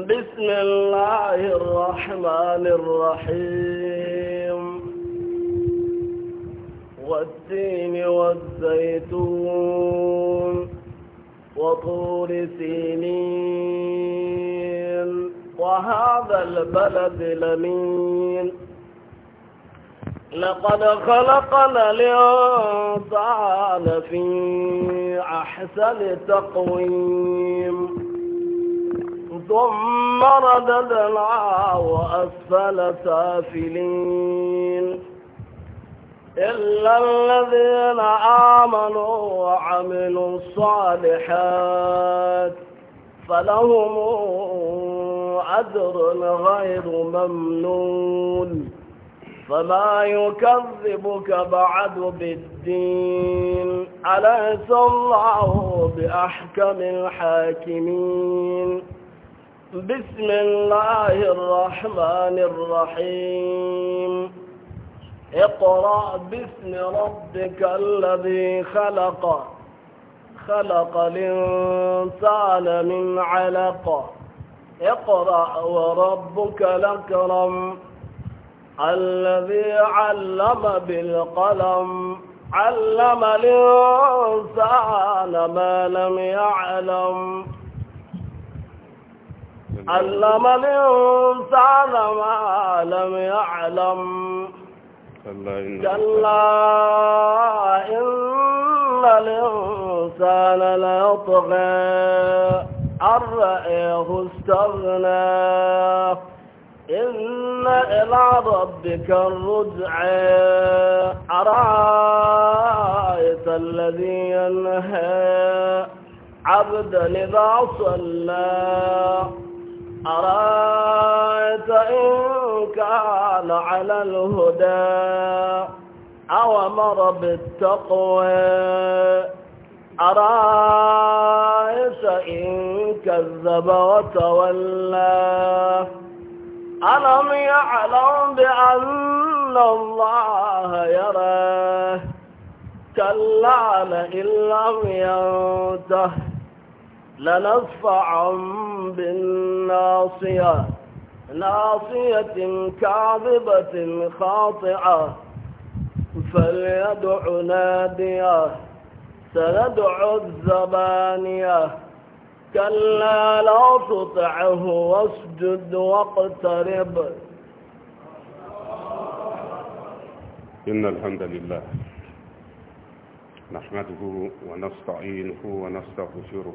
بسم الله الرحمن الرحيم والتين والزيتون وطور سينين وهذا البلد لمين لقد خلقنا الإنسان في أحسن تقويم ثم رددناه أسفل سافلين إلا الذين آمنوا وعملوا الصالحات فلهم أجر غير ممنون فما يكذبك بعد بالدين أليس الله بأحكم الحاكمين بسم الله الرحمن الرحيم اقرأ باسم ربك الذي خلق خلق الإنسان من علق اقرأ وربك الأكرم الذي علم بالقلم علم الإنسان ما لم يعلم علم الإنسان ما لم يعلم كلا إن الإنسان ليطغى أن رأيه استغنى إن إلى ربك الرجع أرأيت الذي ينهى عبدا إذا صلى أرأيت إن كان على الهدى أو مر بالتقوى أرأيت إن كذب وتولى ألم يعلم بأن الله يرى كلا لئن لم ينته لنصفعا بالناصية ناصية كاذبة خاطئة فليدع ناديه سندع الزبانية كلا لا تطعه واسجد واقترب إن الحمد لله نحمده ونستعينه ونستغفره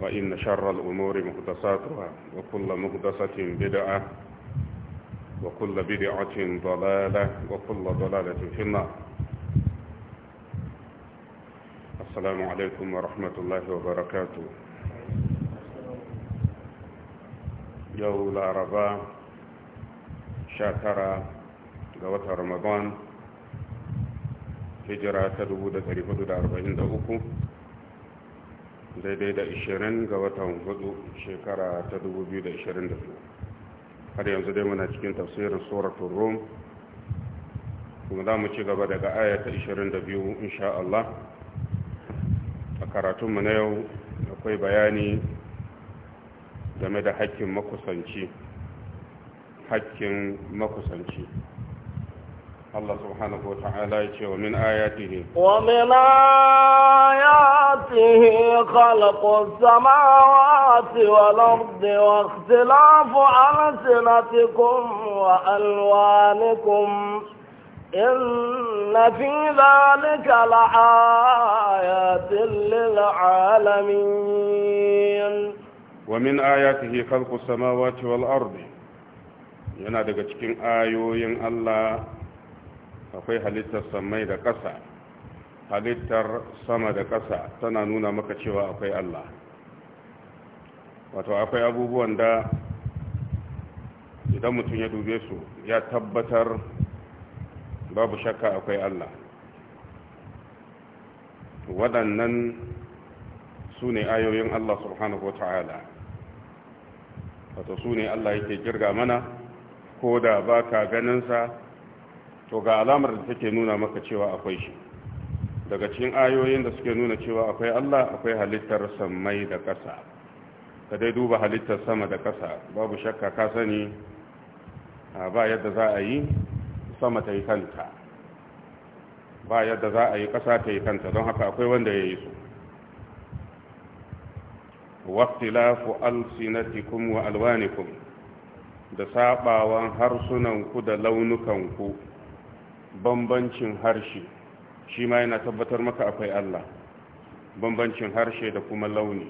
وإن شر الأمور مهدساتها وكل مهدسة بدعة وكل بدعة ضلالة وكل ضلالة في النار السلام عليكم ورحمة الله وبركاته يوم العرباء شاكرا قوة رمضان هجرة تدود 343 daidai da 20 ga watan hudu shekara ta 2022 har yanzu dai muna cikin tafsirin suratul rum kuma za mu ci gaba daga ayata 22 insha Allah a karatunmu na yau akwai bayani game da hakkin makusanci hakkin makusanci Allah subhanahu wa ta'ala ya ce wa min ayatihi wa min ayatihi khalaqu samawati wal ardi wa ikhtilafu alsinatikum wa alwanikum inna fi dhalika la ayatin lil alamin wa min ayatihi khalaqu samawati wal ardi yana daga cikin ayoyin Allah akwai halittar samai da ƙasa halittar sama da ƙasa tana nuna maka cewa akwai Allah wato akwai abubuwan da idan mutum ya dube su ya tabbatar babu shakka akwai Allah waɗannan su ne ayoyin Allah subhanahu wa ta'ala wato su ne Allah yake kirga mana ko da ba ka ganinsa to ga alamar da take nuna maka cewa akwai shi daga cikin ayoyin da suke nuna cewa akwai Allah akwai halittar samai da ƙasa ka dai duba halittar sama da ƙasa babu shakka ka sani ba yadda za a yi sama ta yi kanta ba yadda za a yi ƙasa ta yi kanta don haka akwai wanda ya yi su waktilafu alsinatikum wa alwanikum da sabawan harsunanku da launukanku bambancin harshe shi ma yana tabbatar maka akwai Allah bambancin harshe da kuma launi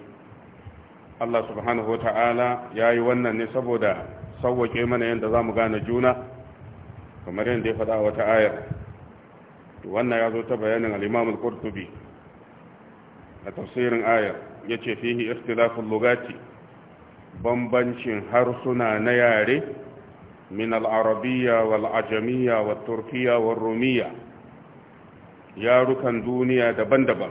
Allah subhanahu wa ta'ala ya yi wannan ne saboda sauwake mana yadda za mu gane juna kamar yadda ya faɗa wata ayar wannan ya zo ta bayanin al'imamul ƙurtubi a tafsirin ayar ya ce fihi ikhtilafin lugati bambancin harsuna na yare من العربية والعجمية والتركية والرومية يا ركن دنيا دبندبا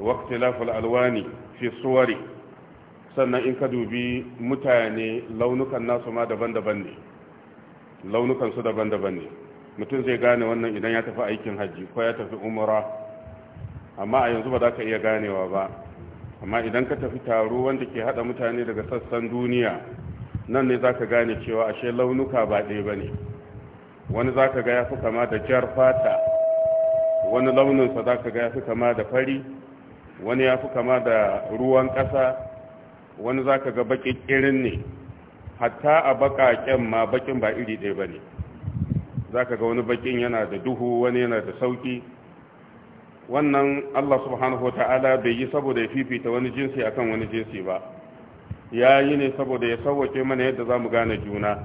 واختلاف الألوان في صور سنة إن كدوبي متاني لونك الناس ما دبندبا launukan su daban-daban ne mutum zai gane wannan idan ya tafi aikin hajji ko ya tafi umara amma a yanzu ba za ka iya ganewa ba amma idan ka tafi taro wanda ke haɗa mutane daga sassan duniya nan ne zaka gane cewa ashe launuka ba ɗaya bane wani zaka ga yafi kama da jar fata wani launin sa zaka ga yafi kama da fari wani yafi kama da ruwan ƙasa wani zaka ga baƙin irin ne hatta a baƙaƙen ma baƙin ba iri ɗaya bane zaka ga wani baƙin yana da duhu wani yana da sauki wannan Allah subhanahu wa ta'ala bai yi saboda ya fifita wani jinsi akan wani jinsi ba ya yi ne saboda ya sauwake mana yadda za mu gane juna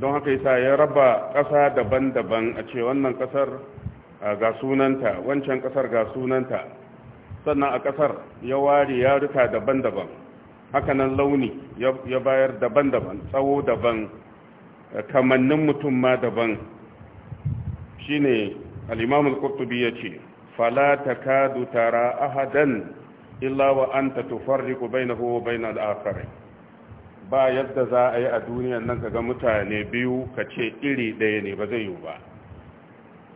don haka yasa ya raba ƙasa daban-daban a ce wannan ƙasar ga sunanta wancan ƙasar ga sunanta sannan a ƙasar ya ware ya rika daban-daban hakanan launi ya bayar daban-daban tsawo daban kamannin mutum ma daban shine al-imam al-qurtubi yace fala takadu tara ahadan illa wa anta tufarriqu bainahu wa bainal akhar ba yadda za a yi a duniyan nan kaga mutane biyu ka ce iri ɗaya ne ba zai yi ba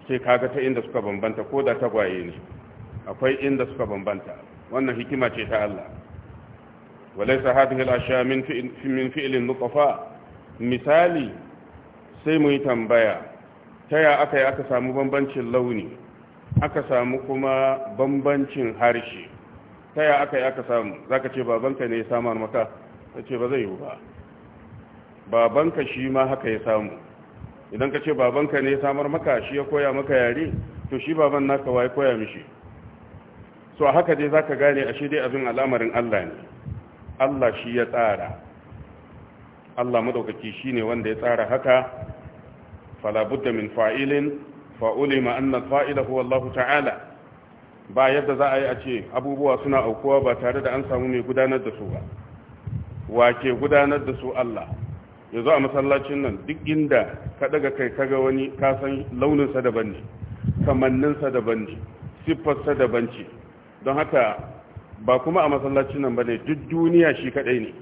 sai kaga ta inda suka bambanta ko da tagwaye ne akwai inda suka bambanta wannan hikima ce ta Allah walaysa hadhihi al-ashya min min fi'lin misali sai mu yi tambaya ta ya aka yi aka samu bambancin launi aka samu kuma bambancin harshe ta ya aka yi aka samu za ka ce babanka ne ya samar maka ta ce ba zai yi ba babanka shi ma haka ya samu idan ka ce babanka ne ya samar maka shi ya koya maka yare to shi baban naka wa ya koya mishi so haka dai za ka gane a shi dai abin al'amarin allah ne allah shi ya tsara allah madaukaki shi ne wanda ya tsara haka falabudda min fa'ilin fa'ulima annan fa'ila huwa allahu ta'ala ba yadda za a yi a ce abubuwa suna aukuwa ba tare da an samu mai gudanar da su ba wake gudanar da su Allah ya zo a masallacin nan duk inda ka daga kai kaga wani kasan launinsa daban ne kamanninsa daban ne siffarsa daban ce don haka ba kuma a masallacin nan ba ne duk duniya shi kadai ne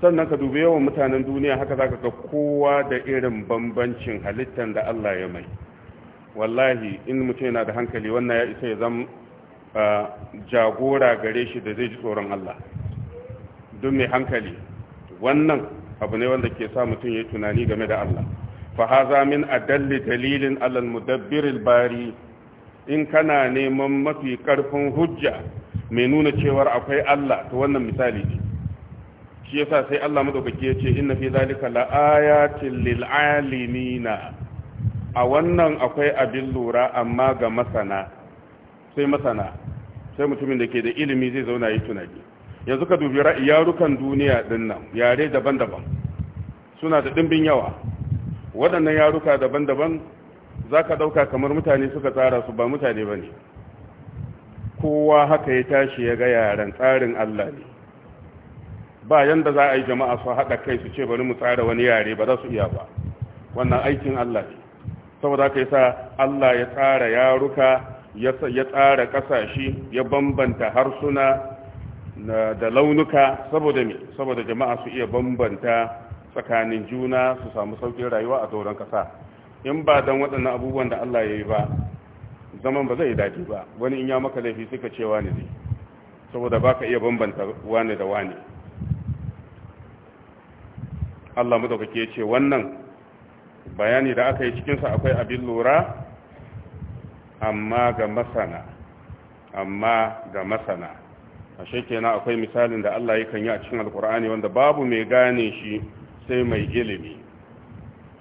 sannan ka dubi yawan mutanen duniya haka za ka ga kowa da irin bambancin halittar da Allah ya mai wallahi in mutum yana da hankali wannan ya isa ya zama ah, jagora gare shi da zai ji tsoron Allah don mai hankali wannan abu ne wanda ke sa mutum ya yi tunani game da Allah fa haza min adalli dalilin alal mudabbiril bari in kana neman mafi karfin hujja mai nuna cewar akwai Allah ta wannan misali ne shi yasa sai Allah madaukaki ya ce inna fi zalika la ayatin lil a wannan akwai abin lura amma ga masana sai masana sai mutumin da ke da ilimi zai zauna yi tunani yanzu ka dubi yarukan duniya din nan yare daban-daban suna da ɗimbin yawa waɗannan yaruka daban-daban za ka ɗauka kamar mutane suka tsara su ba mutane ba ne kowa haka ya tashi ya ga yaren tsarin Allah ne ba yanda za a yi jama'a su haɗa kai su ce bari mu tsara wani yare ba za su iya ba wannan aikin Allah ne saboda haka yasa Allah ya tsara yaruka ya tsara kasashe ya bambanta harsuna da launuka saboda me saboda jama'a su iya bambanta tsakanin juna su samu saukin rayuwa a doron kasa in ba dan waɗannan abubuwan da Allah ya yi ba zaman ba zai daji ba wani in ya maka laifi suka ce wani ne saboda baka iya bambanta wani da wani Allah madaukake ya ce wannan bayani da aka yi cikinsa akwai abin lura amma ga masana amma ga masana sheke na akwai misalin da Allah yakan yi a cikin alkur'ani wanda babu mai gane shi sai mai ilimi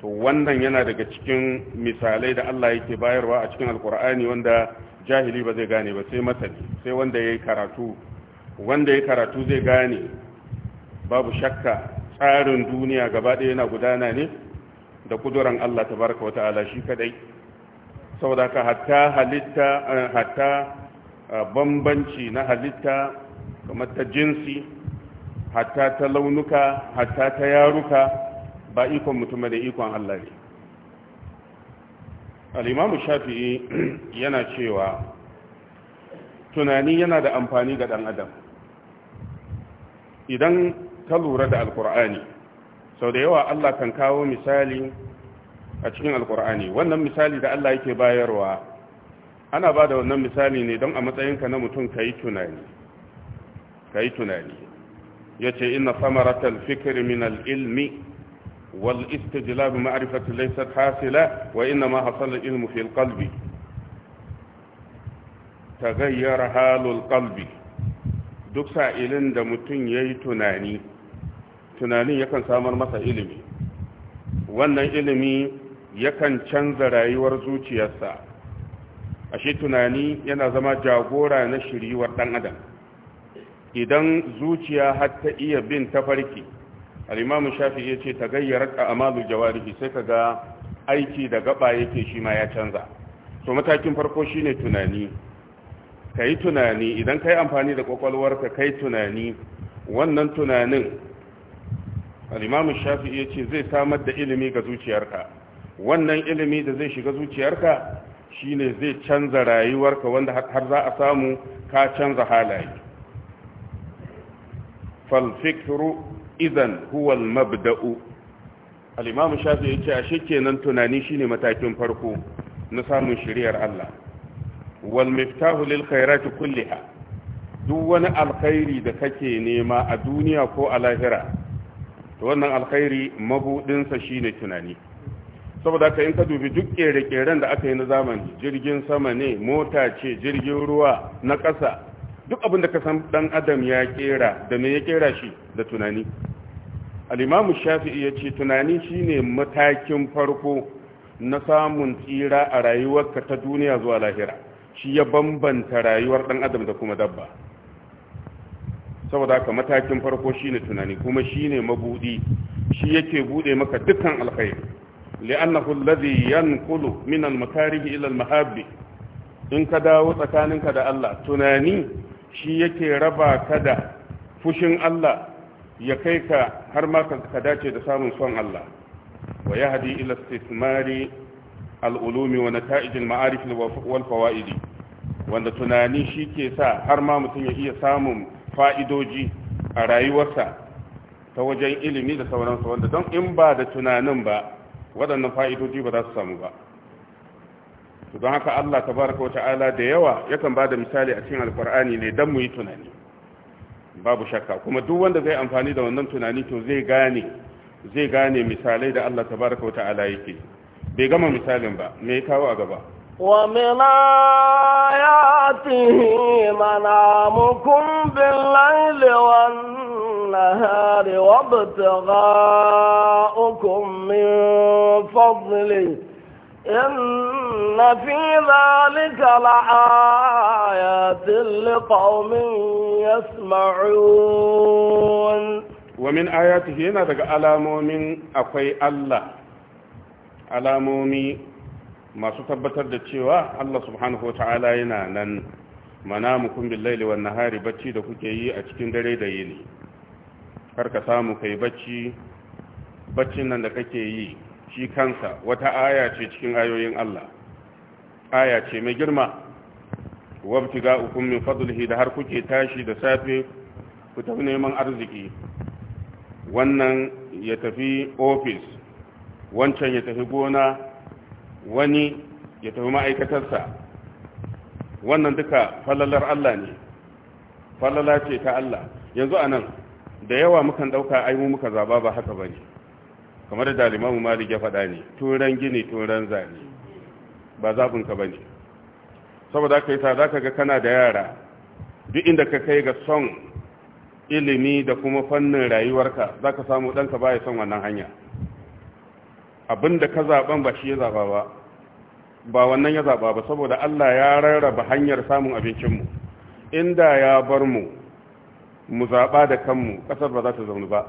to wannan yana daga cikin misalai da Allah yake bayarwa a cikin alkur'ani wanda jahili ba zai gane ba sai masani sai wanda ya karatu wanda ya karatu zai gane babu shakka tsarin duniya gaba ɗaya yana gudana ne da kuduran Allah ta baraka wa ta'ala shi kadai saboda ka hatta halitta hatta bambanci na halitta kamar ta jinsi hatta ta launuka hatta ta yaruka ba ikon mutum da ikon Allah ne al'imamu shafi'i yana cewa tunani yana da amfani ga ɗan adam idan ka lura da alkur'ani sau da yawa Allah kan kawo misali a cikin alkur'ani wannan misali da Allah yake bayarwa ana ba da wannan misali ne don a matsayinka na mutum ka yi tunani ka yi tunani ya ce ina samaratar fikiri min al'ilmi wal istijlab ma'rifatu laysat hasila wa ina ma hasala ilmu fil ta gayyar halul kalbi duk sa'ilin da mutum yayi tunani tunanin yakan samar masa ilimi wannan ilimi yakan canza rayuwar zuciyarsa ashe tunani yana zama jagora na shiriwar dan adam idan zuciya har ta iya bin ta farki al-imam shafi'i yace tagayyarat a'malu jawarihi sai kaga aiki da gaba yake shi ma ya canza to matakin farko shine tunani kai tunani idan kai amfani da ka kai tunani wannan tunanin al'imamu shafi ya ce zai samar da ilimi ga zuciyarka wannan ilimi da zai shiga zuciyarka shine zai canza rayuwarka wanda har za a samu ka canza halaye falfikiru izan huwal mabda'u al'imamu shafi ya ce a shike kenan tunani shine matakin farko na samun shiriyar Allah wal miftahu lil khairati kulliha duk wani alkhairi da kake nema a duniya ko a lahira to wannan alkhairi mabudinsa shine tunani saboda ka in ka dubi duk kere-keren da aka yi na zamani jirgin sama ne mota ce jirgin ruwa na ƙasa duk abin da ka san dan adam ya kera da me ya kera shi da tunani al'imamu shafi'i ya ce tunani shine matakin farko na samun tsira a rayuwarka ta duniya zuwa lahira shi ya bambanta rayuwar dan adam da kuma dabba saboda haka matakin farko shine tunani kuma shine mabudi shi yake bude maka dukkan alkhair li'annahu alladhi yanqulu min al-makarih ila al-mahabbi in ka dawo tsakaninka da Allah tunani shi yake raba ka da fushin Allah ya kai ka har ma ka dace da samun son Allah wa yahdi ila istithmari al-ulumi wa nata'ij al-ma'arif wal fawaidi wanda tunani shi ke sa har ma mutum ya iya samun fa'idoji a rayuwarsa ta wajen ilimi da sauransu wanda don in ba da tunanin ba waɗannan fa'idoji ba za su samu ba don haka Allah baraka wata ala da yawa yakan ba da misali a cikin alkur'ani ne don mu yi tunani babu shakka kuma duk wanda zai amfani da wannan tunani to zai gane zai gane misalai da Allah Ta baraka wata ala yake bai gama misalin ba me ya kawo a gaba ومن آياته منامكم بالليل والنهار وابتغاؤكم من فضله إن في ذلك لآيات لقوم يسمعون ومن آياته هنا ألا مؤمن أخي الله مؤمن masu tabbatar da cewa Allah subhanahu wa ta'ala yana nan manamukum billaili wan nahari bacci da kuke yi a cikin dare da yini kar ka samu kai bacci baccin nan da kake yi shi kansa wata aya ce cikin ayoyin Allah aya ce mai girma wabtiga ukum min fadlihi da har kuke tashi da safe ku tafi neman arziki wannan ya tafi ofis? wancan ya tafi gona wani ya tafi ma'aikatarsa wannan duka falalar Allah ne falala ce ta Allah yanzu a nan da yawa mukan ɗauka aimu muka zaba ba haka ba ne kamar da dalimamu malik ya faɗa ne turan gini turan zane ba zaɓinka ba ne saboda ka yi sa za ka ga kana da yara duk inda ka kai ga son ilimi da kuma fannin rayuwarka za ka samu ɗanka ba ya son wannan hanya abinda ka zaɓen ba shi ya zaba ba ba wannan ya zaba ba saboda Allah ya rarraba hanyar samun abincinmu inda ya bar mu mu zaba da kanmu kasar ba za ta zaune ba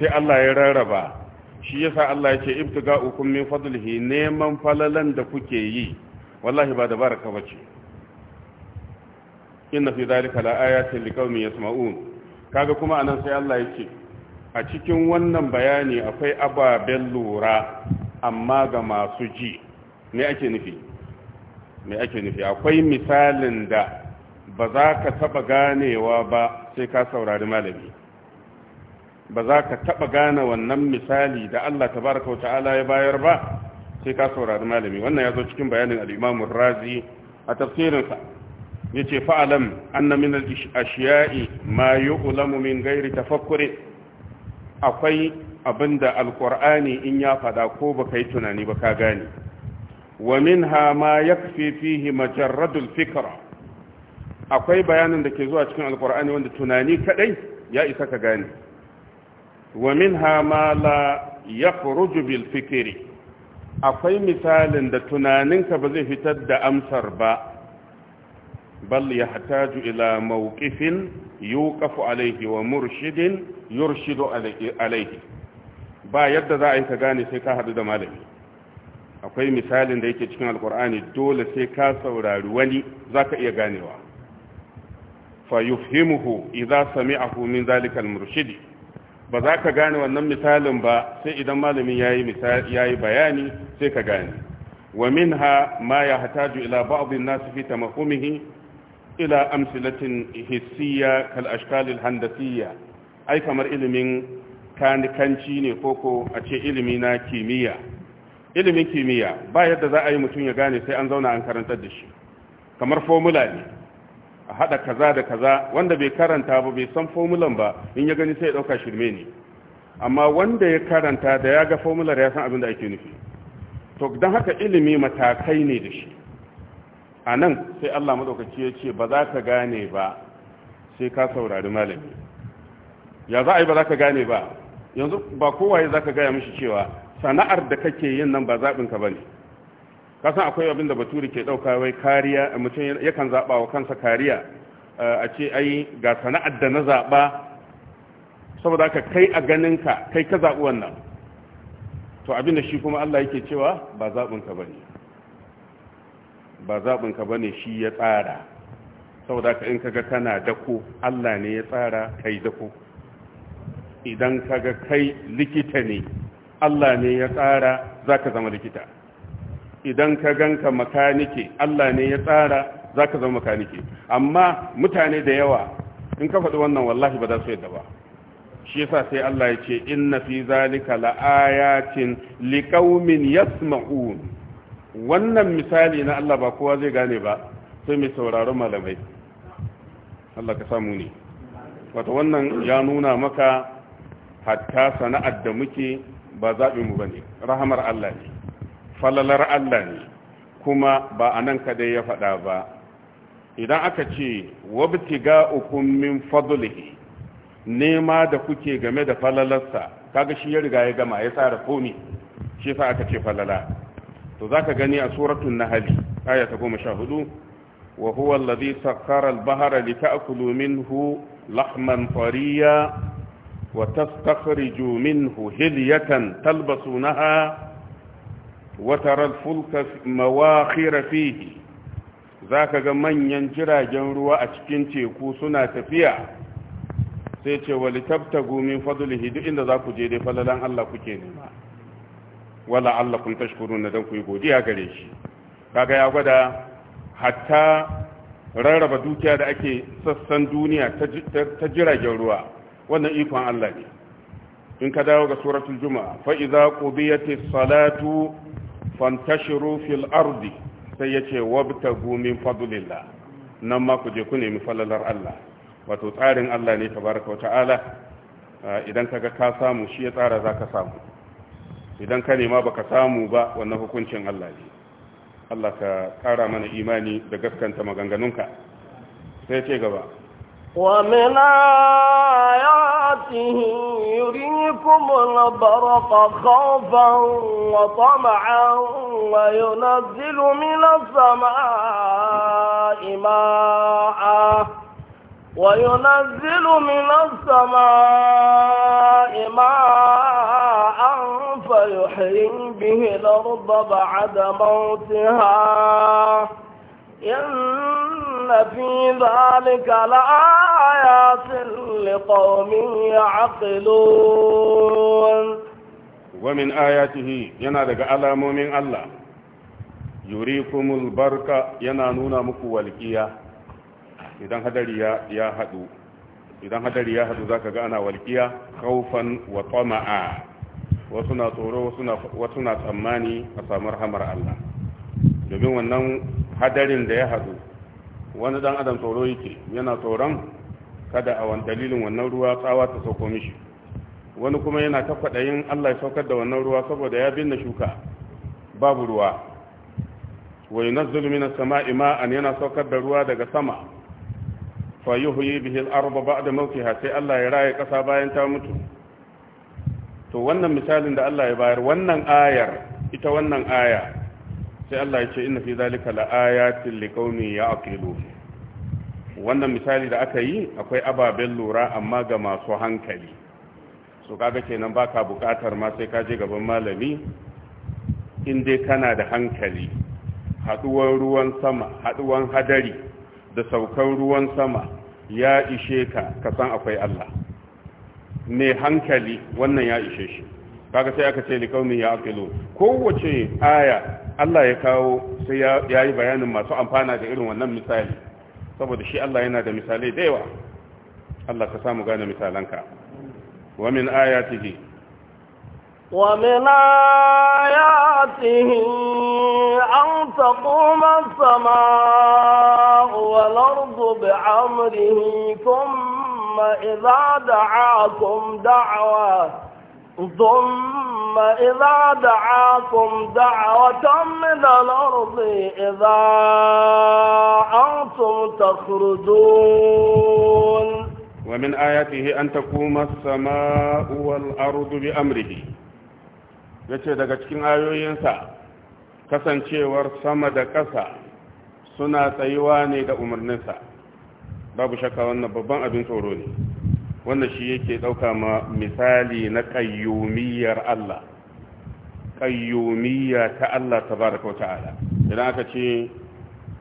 sai Allah ya rarraba shi yasa Allah yake ibtiga'ukum min fadlihi neman falalan da kuke yi wallahi ba dabara ka bace inna fi dhalika la ayatin liqaumin yasma'un kaga kuma anan sai Allah yake a cikin wannan bayani akwai ababen lura amma ga masu ji ne ake nufi ne ake nufi akwai misalin da ba za ka taba ganewa ba sai ka saurari malami ba za ka taba gane wannan misali da Allah tabaraka ta'ala ya bayar ba sai ka saurari malami wannan ya zo cikin bayanin al-Imam razi a tafsirinsa yace fa'alam anna min al-ashiya'i ma yu'lamu min ghairi tafakkuri akwai abin da alkur'ani in ya fada ko ba yi tunani ba ka gane wa minha ma yakfi fihi majarradul fikra akwai bayanin da ke zuwa cikin alkur'ani wanda tunani kadai ya isa ka gane wa minha ma la yakhruju bil fikri akwai misalin da tunaninka ba zai fitar da amsar ba bal yahtaju ila mawqifin yuqafu alaihi wa murshidin yurshidu alaihi ba yadda za a yi ka gane sai ka hadu da malami akwai misalin da yake cikin alkur'ani dole sai ka saurari wani zaka iya ganewa fa yufhimuhu idza sami'ahu min zalikal murshidi ba za ka gane wannan misalin ba sai idan malamin yayi yayi bayani sai ka gane wa minha ma yahtaju ila ba'd an-nas fi tamahumihi ila amsilatin hissiya kal ashkalil handasiya. ai kamar ilimin kanikanci ne koko a ce ilimi na kimiyya ilimin kimiyya ba yadda za a yi mutum ya gane sai an zauna an karanta da shi kamar formula ne a haɗa kaza da kaza wanda bai karanta ba bai san formulan ba in ya gani sai ya ɗauka shirme ne amma wanda ya karanta da ya ga formular ya san abin da ake nufi to don haka ilimi matakai ne da shi a nan sai allah maɗaukaci ya ce ba za ka gane ba sai ka saurari malami ya za a yi ba za ka gane ba yanzu ba kowaye za ka gaya mishi cewa sana'ar da kake yin nan ba zaɓinka ba ne kasan akwai abin da baturi ke ɗauka wai kariya mutum yakan zaɓa wa kansa kariya eh, a ce ai ga sana'ar da na zaɓa saboda ka kai a ganinka kai ka zaɓi wannan to abin da shi kuma allah yake cewa ba zaɓinka ba ne ba zaɓinka ba ne shi ya tsara saboda ka in kaga kana dako allah ne ya tsara kai dako idan kaga kai likita ne allah ne ya tsara za ka zama likita idan ka ganka makanike allah ne ya tsara za ka zama makanike amma mutane da yawa in ka faɗi wannan wallahi ba za su yadda ba shi yasa sai Allah ya ce inna fi zalika laayatin liqaumin yasma'un wannan misali na Allah ba kowa zai gane ba sai mai sauraron malamai Allah ka samu ne wata wannan ya nuna maka hatta sana'ar da muke ba zaɓi mu ba ne rahamar Allah ne falalar Allah ne kuma ba a nan kaɗai ya faɗa ba idan aka ce wabtiga ga min fadlihi nema da kuke game da falalarsa kaga shi ya riga ya gama ya tsara komi shi sa aka ce falala to zaka gani a suratun nahl aya ta 14 wa huwa alladhi sakhkhara al-bahra lita'kulu minhu lahman tariya wa tastakhriju minhu hilyatan talbasunaha wa tara al-fulka mawakhira fihi zaka ga manyan jiragen ruwa a cikin teku suna tafiya sai ce walitabtagu min fadlihi duk inda za ku je dai falalan Allah kuke nema wala tashkuru na dan ku yi godiya gare shi kaga ya gwada hatta rarraba dukiya da ake sassan duniya ta jiragen ruwa wannan ikon Allah ne in ka dawo ga suratul juma'a fa idza qudiyatis salatu fantashiru fil ardi sai yace wabtagu min fadlillah nan ma ku je ku nemi falalar Allah wato tsarin Allah ne tabaraka wa ta'ala ah, idan kaga ka samu shi ya tsara zaka samu idan ka nema baka samu ba wannan hukuncin Allah ne Allah ka kara mana imani da gaskanta maganganunka sai ce gaba wa min ayatihi yurikum al-barqa khawfan wa tama'an wa yunzilu min as-samaa'i ma'a wa yunzilu min as السماء ma'a فيحيي به الأرض بعد موتها إن في ذلك لآيات لقوم يعقلون ومن آياته ينادق على مؤمن الله يريكم البركة ينانون مكوالكية إذا هدري يا هدو idan hadari ya hadu zaka ga ana walƙiya kaufan wa tama'a wasu na tsoro wasu na tsammani a samu rahamar Allah domin wannan hadarin da ya haɗu wani dan adam tsoro yake yana tsoron kada a wani dalilin wannan ruwa tsawa ta sauko mishi wani kuma yana ta kwaɗayin Allah ya saukar da wannan ruwa saboda ya binne shuka babu ruwa wa na minas sama'i ma'an yana saukar da ruwa daga sama fa yuhyi bihi al-ardha ba'da mawtiha sai Allah ya raye kasa bayan ta mutu to wannan misalin da Allah ya bayar wannan ayar ita wannan aya sai Allah ya ce inna fi zalika laayatin liqaumin ya'qilun wannan misali da aka yi akwai ababen lura amma ga masu hankali so kaga kenan baka bukatar ma sai ka je gaban malami in dai kana da hankali haduwar ruwan sama haduwan hadari da saukar ruwan sama ya ishe ka ka san akwai Allah mai hankali wannan ya ishe shi kaga sai aka ce li kaumi ya aqilu kowace aya Allah ya kawo sai ya yi bayanin masu amfana da irin wannan misali saboda shi Allah yana da misalai da yawa Allah ka samu gane misalanka wa min ayatihi wa min ayatihi أن samaau wal ardu bi amrihi ثم إذا دعاكم دعوة ثم إذا دعاكم دعوة من الأرض إذا أنتم تخرجون ومن آياته أن تقوم السماء والأرض بأمره yace daga cikin ayoyinsa kasancewar sama da ƙasa suna tsayuwa ne da umarninsa babu shaka wannan babban abin tsoro ne wannan shi yake ɗauka ma misali na ƙayyumiyar Allah ƙayyumiyya ta Allah ta baraka wa ta'ala idan aka ce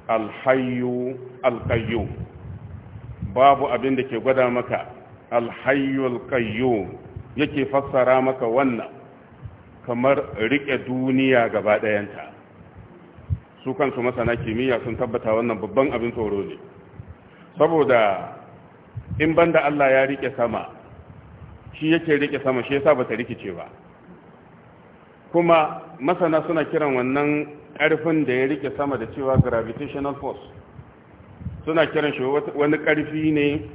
alhayu alƙayyu babu abin da ke gwada maka alhayu alƙayyu yake fassara maka wannan kamar riƙe duniya gaba ɗayanta su kansu masana kimiyya sun tabbata wannan babban abin tsoro ne saboda in banda Allah ya rike sama shi yake rike sama shi yasa bata rikice ba kuma masana suna kiran wannan karfin da ya rike sama da cewa gravitational force suna kiran shi wani karfi ne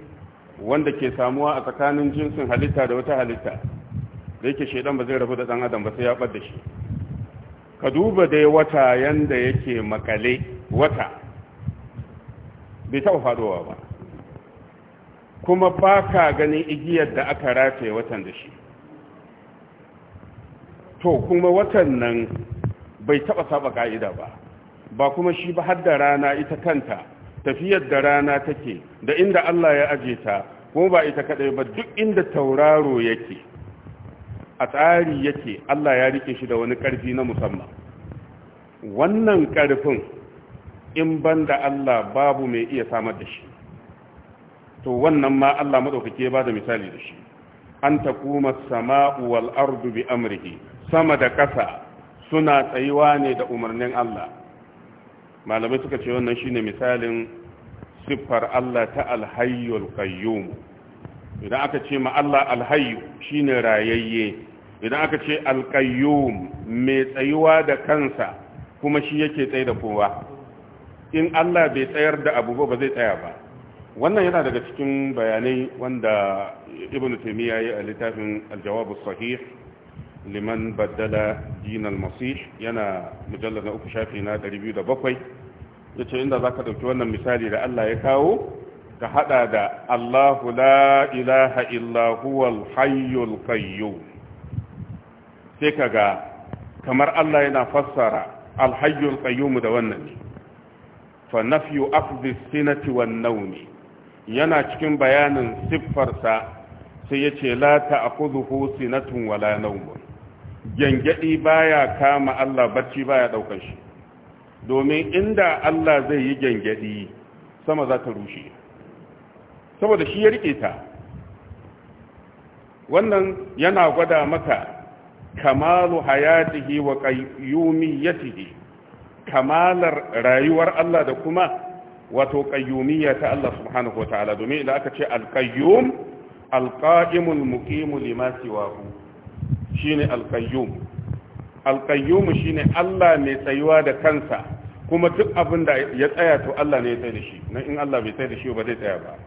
wanda ke samuwa a tsakanin jinsin halitta da wata halitta da yake shaidan ba zai rabu da dan adam ba sai ya bar da shi ka duba dai wata yanda yake makale wata bai taɓa faɗowa ba kuma ba ka ganin igiyar da aka rataye watan da shi to kuma watan nan bai taɓa saba ƙa'ida ba ba kuma shi ba har da rana ita kanta tafiyar da rana take da inda Allah ya aje ta kuma ba ita kaɗai ba duk inda tauraro yake a tsari yake Allah ya rike shi da wani ƙarfi na musamman wannan ƙarfin in banda Allah babu mai iya samar da shi to wannan ma Allah madaukake ba da misali da shi an taquma samau wal ardu bi amrihi sama da ƙasa suna tsayuwa ne da umarnin Allah malamai suka ce wannan shine misalin siffar Allah ta alhayyul qayyum idan aka ce ma Allah alhayyu shine rayayye idan aka ce alqayyum mai tsayuwa da kansa kuma shi yake tsaye da kowa in Allah bai tsayar da abu ba zai tsaya ba wannan yana daga cikin bayanai wanda ibn taymiya ya littafin a littafin aljawab sahih liman baddala din al yana mujallad na uku shafi na 207 yace inda zaka dauki wannan misali da Allah ya kawo ka hada da Allahu la ilaha illa huwal hayyul qayyum sai kaga kamar Allah yana fassara al-hayyul qayyum da wannan fa nafyu afdhi sinati wan nawmi yana cikin bayanin siffarsa sai ya ce la ta'khudhuhu sinatun wala nawmun gyangyadi baya kama Allah bacci baya daukar shi domin inda Allah zai yi gyangyaɗi sama za ta rushe saboda shi ya riƙe ta wannan yana gwada maka kamalu hayatihi wa qayyumiyyatihi kamalar rayuwar Allah da kuma wato ƙayyumiyya ta Allah subhanahu wataala domin idan aka ce al-qayyum al-qa'imul muqimu lima siwahu shine al-qayyum shine Allah mai tsayuwa da kansa kuma duk abin da ya tsaya to Allah ne ya tsaya da shi na in Allah bai sai da shi ba zai tsaya ba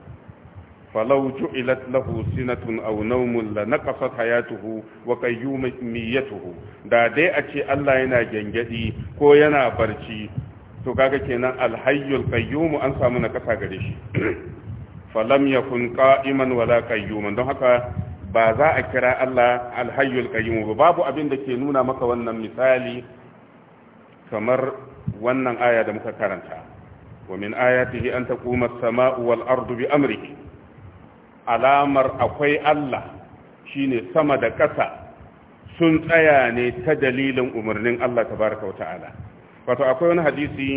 falau ju'ilat lahu sinatun aw nawmun la naqasat hayatuhu wa qayyumiyyatuhu da dai a ce Allah yana gengedi ko yana barci to kaga kenan alhayyul qayyum an samu na kasa gare shi falam yakun wala qayyuman don haka ba za a kira Allah alhayyul qayyum ba babu abin da ke nuna maka wannan misali kamar wannan aya da muka karanta wa min ayatihi an taquma as-sama'u wal ardu bi alamar akwai Allah shine sama da ƙasa sun tsaya ne ta dalilin umarnin Allah baraka wa ta'ala wato akwai wani hadisi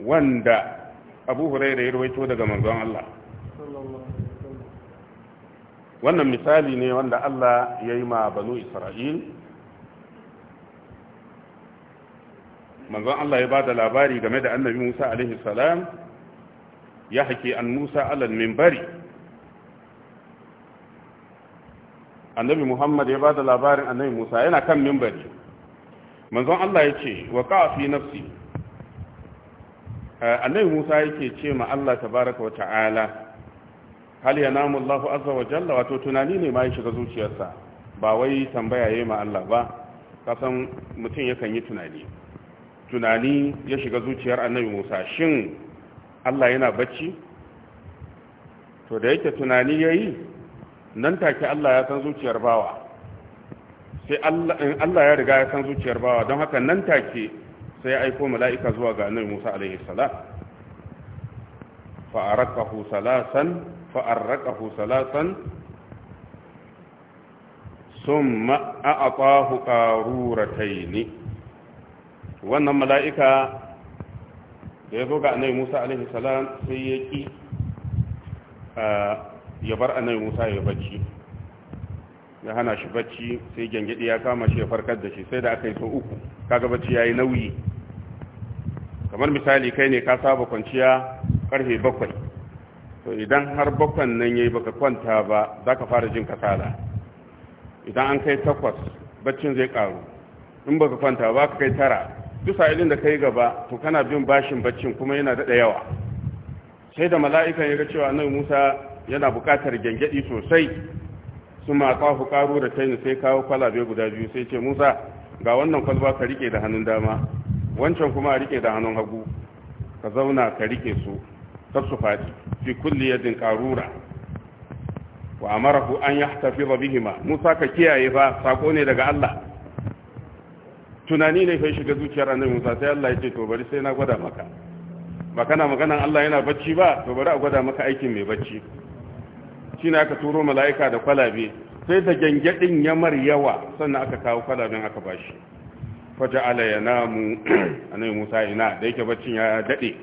wanda abu huraira ya rawaito daga manzon Allah wannan misali ne wanda Allah ya yi ma banu Isra'il manzon Allah ya ba da labari game da annabi Musa a.s. salam ya haƙe an Musa alal mimbari annabi muhammad ya ba da labarin annabi musa yana kan mimbari manzon allah ya ce wa fi nafsi eh, annabi musa yake ce ma allah tabaraka wa ta'ala hal ya namu allah azza wa jalla wato tunani ne ma ya shiga zuciyarsa ba wai tambaya ya ma allah ba kasan mutum yakan yi tunani tunani ya shiga zuciyar annabi musa shin allah yana bacci to da yake tunani ya yi nan take Allah ya san zuciyar bawa sai Allah ya riga ya san zuciyar bawa don haka nan take sai ya aiko mala'ika zuwa ga annabi Musa alaihi salam fa'arakahu salasan fa'arakahu salasan summa a'atahu qaruratayn wannan mala'ika da ya zo ga annabi Musa alaihi salam sai ya ƙi. ya bar annabi musa ya bacci ya hana shi bacci sai gyangyaɗi ya kama shi ya farkar da shi sai da aka yi so uku kaga bacci ya nauyi kamar misali kai ne ka saba kwanciya karfe bakwai to idan har bakwan nan ya baka kwanta ba za ka fara jin kasala idan an kai takwas baccin zai karu in baka kwanta ba ka kai tara duk sa'ilin da kai gaba to kana bin bashin baccin kuma yana daɗe yawa sai da mala'ikan ya ga cewa annabi musa yana buƙatar gyangyaɗi sosai su matsa ku ƙaru da taini sai kawo kwalabe guda biyu sai ce musa ga wannan kwalba ka rike da hannun dama wancan kuma a rike da hannun hagu ka zauna ka rike su ta su fati fi kulli yadin ƙarura wa amarahu an yahtafiza bihima musa ka kiyaye ba sako ne daga Allah tunani ne kai shiga zuciyar annabi musa sai Allah ya ce to bari sai na gwada maka ba kana maganan Allah yana bacci ba to bari a gwada maka aikin mai bacci shine aka turo mala'ika da kwalabe sai da gyangyaɗin yamar yawa sannan aka kawo kwalaben aka ba shi. faja ala ya namu nai musa ina da yake baccin ya daɗe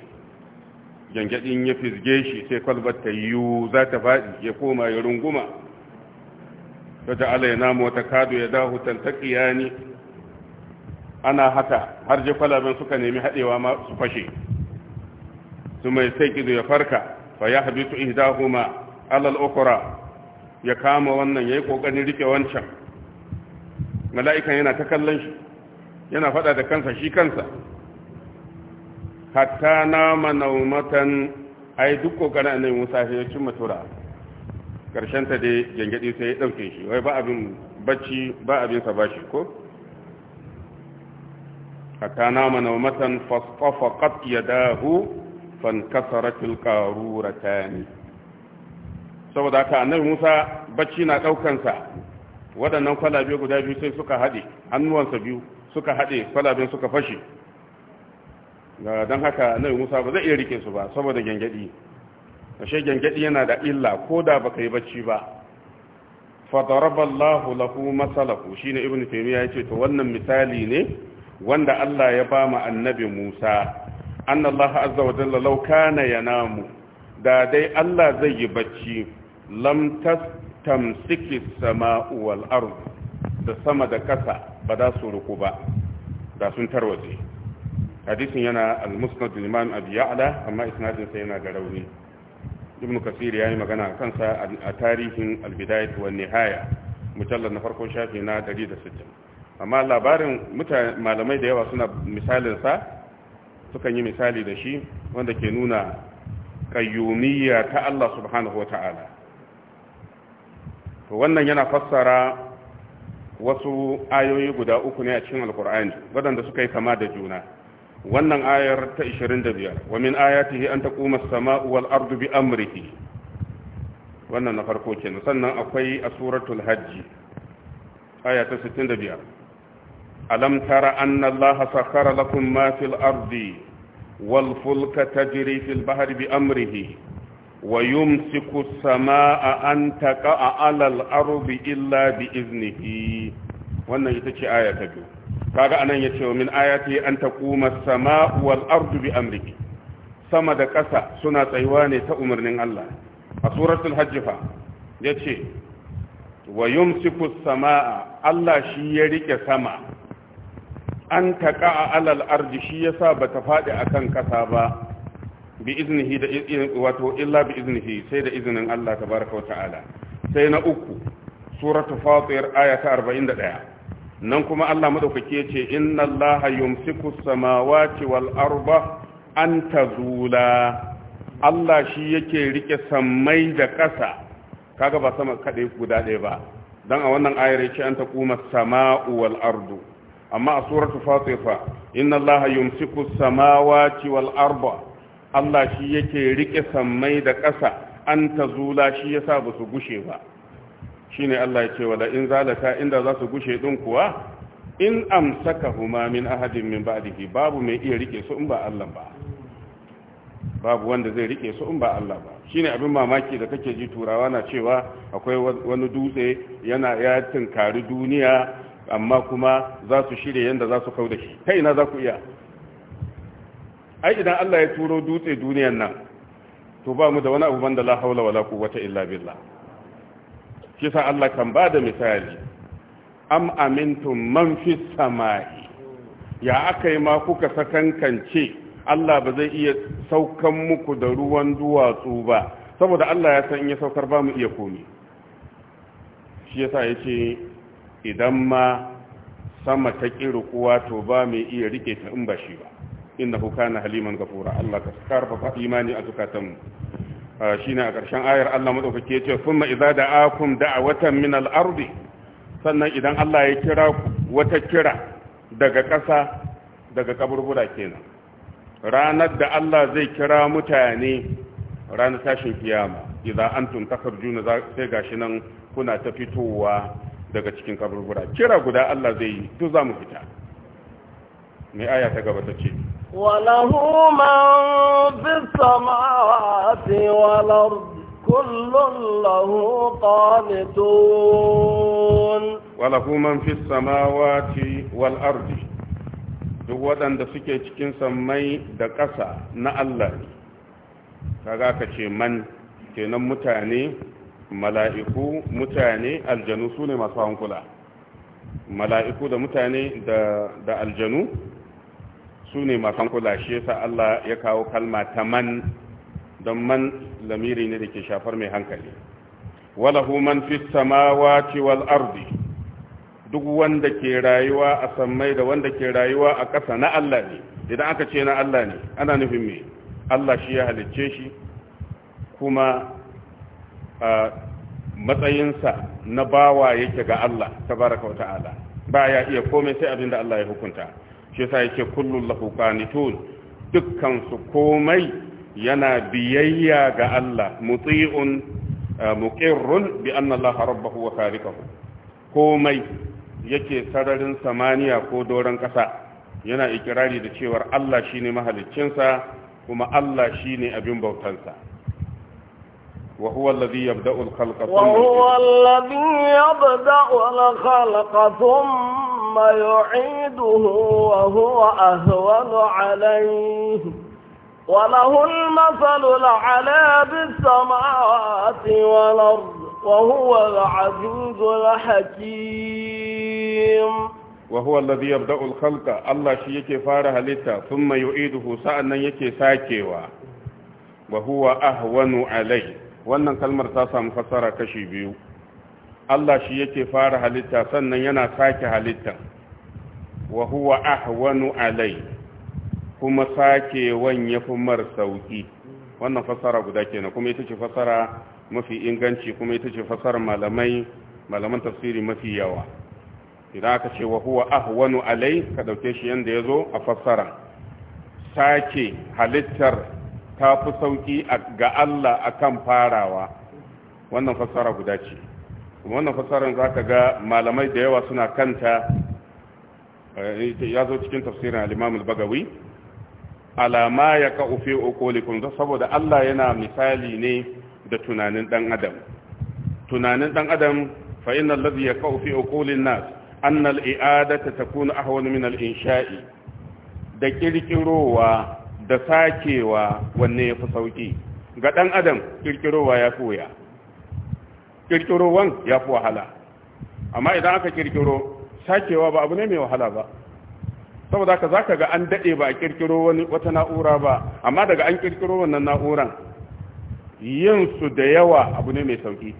gyangyaɗin ya fizge shi sai kwalbar ta yiwu za ta faɗi ya koma ya runguma faja ala ya namu wata kado ya dahu tantakiya ne ana haka har je kwalaben suka nemi haɗewa ma su fashe su mai sai kido ya farka fa ya habitu ihdahuma alal ukura ya kama wannan ya yi ƙoƙarin rike wancan mala'ikan yana ta kallon shi yana faɗa da kansa shi kansa hatta na manaumatan a yi duk ƙoƙarin annabi musa sai ya cimma tura ta dai gyangyaɗi sai ya ɗauke shi wai ba abin bacci ba abin sa ba shi ko hatta na manaumatan fasfafa ƙat ya dahu fankasarar tilkarura ta ne saboda haka annabi Musa bacci na ɗaukansa waɗannan kwalabe guda biyu sai suka haɗe hannuwansa biyu suka haɗe kwalaben suka fashe don haka annabi Musa ba zai iya rike su ba saboda gyangyaɗi ashe gyangyaɗi yana da illa ko da baka yi bacci ba fadaraballahu lahu masalahu shine ibnu taymiya ce to wannan misali ne wanda Allah ya ba mu annabi Musa anna Allah azza wa jalla law kana namu. da dai Allah zai yi bacci lam tamsiki sama'u wal da sama da kasa ba da su ruku ba da sun tarwaje hadisin yana al-musnad al-imam abi ya'la amma isnadin sa yana da rauni ibn kasir yayi magana akan sa a tarihin al-bidayah wa nihaya mujallad na farko shafi na 160 amma labarin malamai da yawa suna misalin sa sukan yi misali da shi wanda ke nuna kayyumiyya ta Allah subhanahu wa ta'ala to wannan yana fassara wasu ayoyi guda uku ne a cikin alkur'ani waɗanda suka yi kama da juna wannan ayar ta 25 wa min ayatihi an taquma as-sama'u wal ardu bi amrihi wannan na farko kenan sannan akwai a suratul hajji aya ta 65 alam tara anna allaha sakhara lakum ma fil ardi wal fulka tajri fil bahri bi amrihi ويمسك السماء أن تقع على الأرض إلا بإذنه wannan ita ce aya ta biyu kaga anan ya ce min ayati an taquma as wal ardu bi sama da ƙasa suna tsayuwa ne ta umarnin Allah a suratul Hajifa fa yace wa yumsiku as Allah shi ya sama an alal shi yasa bata fadi akan ƙasa ba bi iznihi da wato illa bi iznihi sai da izinin Allah tabaraka wata'ala sai na uku suratu fatir aya ta 41 nan kuma Allah madaukake yace inna Allaha yumsiku samawati wal arda an tazula Allah shi yake rike sammai da ƙasa kaga ba sama kadai guda ɗaya ba dan a wannan ayar yace an taquma sama'u wal ardu amma a suratu fatir fa inna Allaha yumsiku samawati wal arda Allah shi yake rike sammai da ƙasa an ta zula shi yasa ba su gushe ba shine Allah yake wala in zalata inda za su gushe din kuwa in huma min ahadin min ba'dihi babu mai iya rike su in ba Allah ba babu wanda zai rike su in ba Allah ba shine abin mamaki da kake ji turawa na cewa akwai wani dutse yana ya tinkari duniya amma kuma za su shirye yanda za su kauda shi kai na za ku iya ai idan Allah ya turo dutse duniyan nan to ba mu da wani abu banda la haula wala quwwata illa billah shi sa Allah kan ba da misali am amintum man fis samai ya akai ma kuka sakankance Allah ba zai iya saukan muku da ruwan duwatsu ba saboda Allah ya san ya saukar ba mu iya komi shi yasa yace idan ma sama ta kuwa to ba mai iya rike ta in ba shi ba innahu kana haliman gafura Allah ka karfafa imani a zukatan ah, shine a ƙarshen ayar Allah madaukake yace thumma idza da'akum da'watan min al sannan idan Allah ya kira ku wata kira daga ƙasa daga kaburbura kenan ranar da Allah zai kira mutane ranar tashin kiyama idan antum takarjuna sai gashi nan kuna ta fitowa daga cikin kaburbura kira guda Allah zai yi to za mu fita mai aya ta gaba ta ce وله من في السماوات والأرض كل له قانتون وله من في السماوات والأرض duk waɗanda suke cikin sammai da ƙasa na Allah ne kaga ka ce man kenan mutane mala'iku mutane aljanu su ne masu hankula mala'iku da mutane da aljanu su ne masu kula shi yasa Allah ya kawo kalma ta man don man lamiri ne da ke shafar mai hankali walahu man fi samawati wal ardi duk wanda ke rayuwa a sammai da wanda ke rayuwa a ƙasa na Allah ne idan aka ce na Allah ne ana nufin me Allah shi ya halicce shi kuma a matsayinsa na bawa yake ga Allah tabaraka wa ta'ala ya iya komai sai abin da Allah ya hukunta shi sa yake kullun lahu qanitun dukkan su komai yana biyayya ga Allah muti'un eh, muqirrun bi anna Allah rabbahu wa khaliquhu komai yake sararin samaniya ko doron kasa yana ikirari da cewar Allah shine mahaliccinsa kuma Allah shine abin bautansa وهو الذي يبدأ الخلق ثم وهو الذي يبدأ الخلق ثم يعيده وهو أهون عليه وله المثل العلى بالسماوات والأرض وهو العزيز الحكيم وهو الذي يبدأ الخلق الله شي yake fara halitta thumma yu'iduhu sa'annan yake sakewa wa huwa ahwanu alai wannan kalmar ta samu fassara kashi biyu Allah shi yake fara halitta sannan yana sake halitta wa huwa ahwanu alai kuma sake sakewan yafi mar sauki wannan fassara guda kenan kuma ita ce fassara mafi inganci kuma ita ce fassarar malamai malaman tafsiri mafi yawa idan aka ce wa huwa ahwanu alai ka dauke shi yanda yazo a fassara sake halittar ta fi sauki ga Allah akan farawa wannan fassara guda ce kuma wannan fassarar za ka ga malamai da yawa suna kanta eh, ya zo cikin tafsirin alimamul bagawi alama ya ka'u fi uqulikum saboda Allah yana misali ne da tunanin dan adam tunanin dan adam fa innal ladhi yaqa'u fi uqulin nas iadata takunu ahwan min al-insha'i da kirkirowa da sakewa wanne ya fi sauƙi ga ɗan adam ƙirƙirowa ya fi wuya ƙirƙirowan ya fi wahala amma idan aka ƙirƙiro sakewa ba abu ne mai wahala ba saboda ka zaka ga an daɗe ba a ƙirƙiro wata na'ura ba amma daga an ƙirƙiro wannan na'uran yin su da yawa abu ne mai sauƙi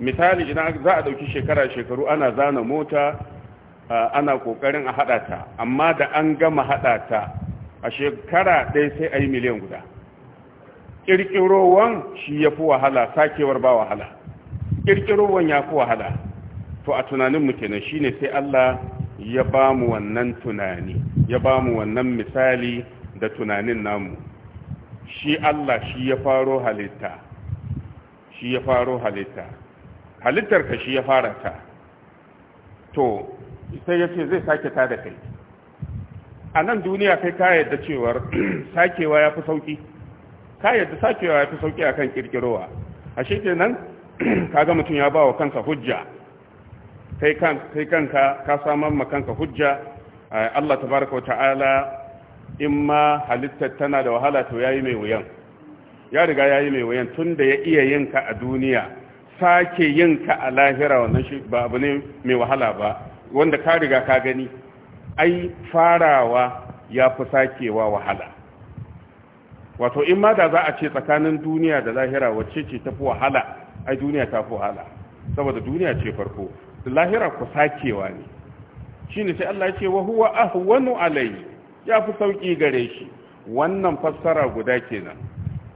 misali idan za a ɗauki shekara shekaru ana zana mota ana ƙoƙarin a haɗa ta amma da an gama haɗa ta a shekara ɗaya sai a yi miliyan guda ƙirƙirowan shi ya fi wahala sakewar ba wahala ƙirƙirowan ya fi wahala to a tunaninmu kenan shi ne sai Allah ya ba mu wannan tunani ya ba mu wannan misali da tunanin namu shi Allah shi ya faro halitta shi ya faro halitta halittarka shi ya fara ta to sai ya ce zai sake ta da kai a nan duniya kai ka yadda cewar sakewa ya fi sauki ka yadda sakewa ya fi sauki a kan kirkirowa a nan kaga mutum ya ba wa kansa hujja kai kanka ka samar ma kanka hujja Allah Ta baraka ta'ala in ma halittar tana da wahala to yi mai wuyan ya riga ya yi mai wuyan tunda ya iya yinka a duniya sake yinka a lahira wannan shi ba abu ne mai wahala ba wanda ka riga ka gani ai farawa ya fi sakewa wahala wato in ma da za a ce tsakanin duniya da lahira wacce ce tafi wahala ai duniya ta fi wahala saboda duniya ce farko lahira ku sakewa ne shi ne sai Allah ce wahuwa ahwanu alayhi ya fi sauki gare shi wannan fassara guda kenan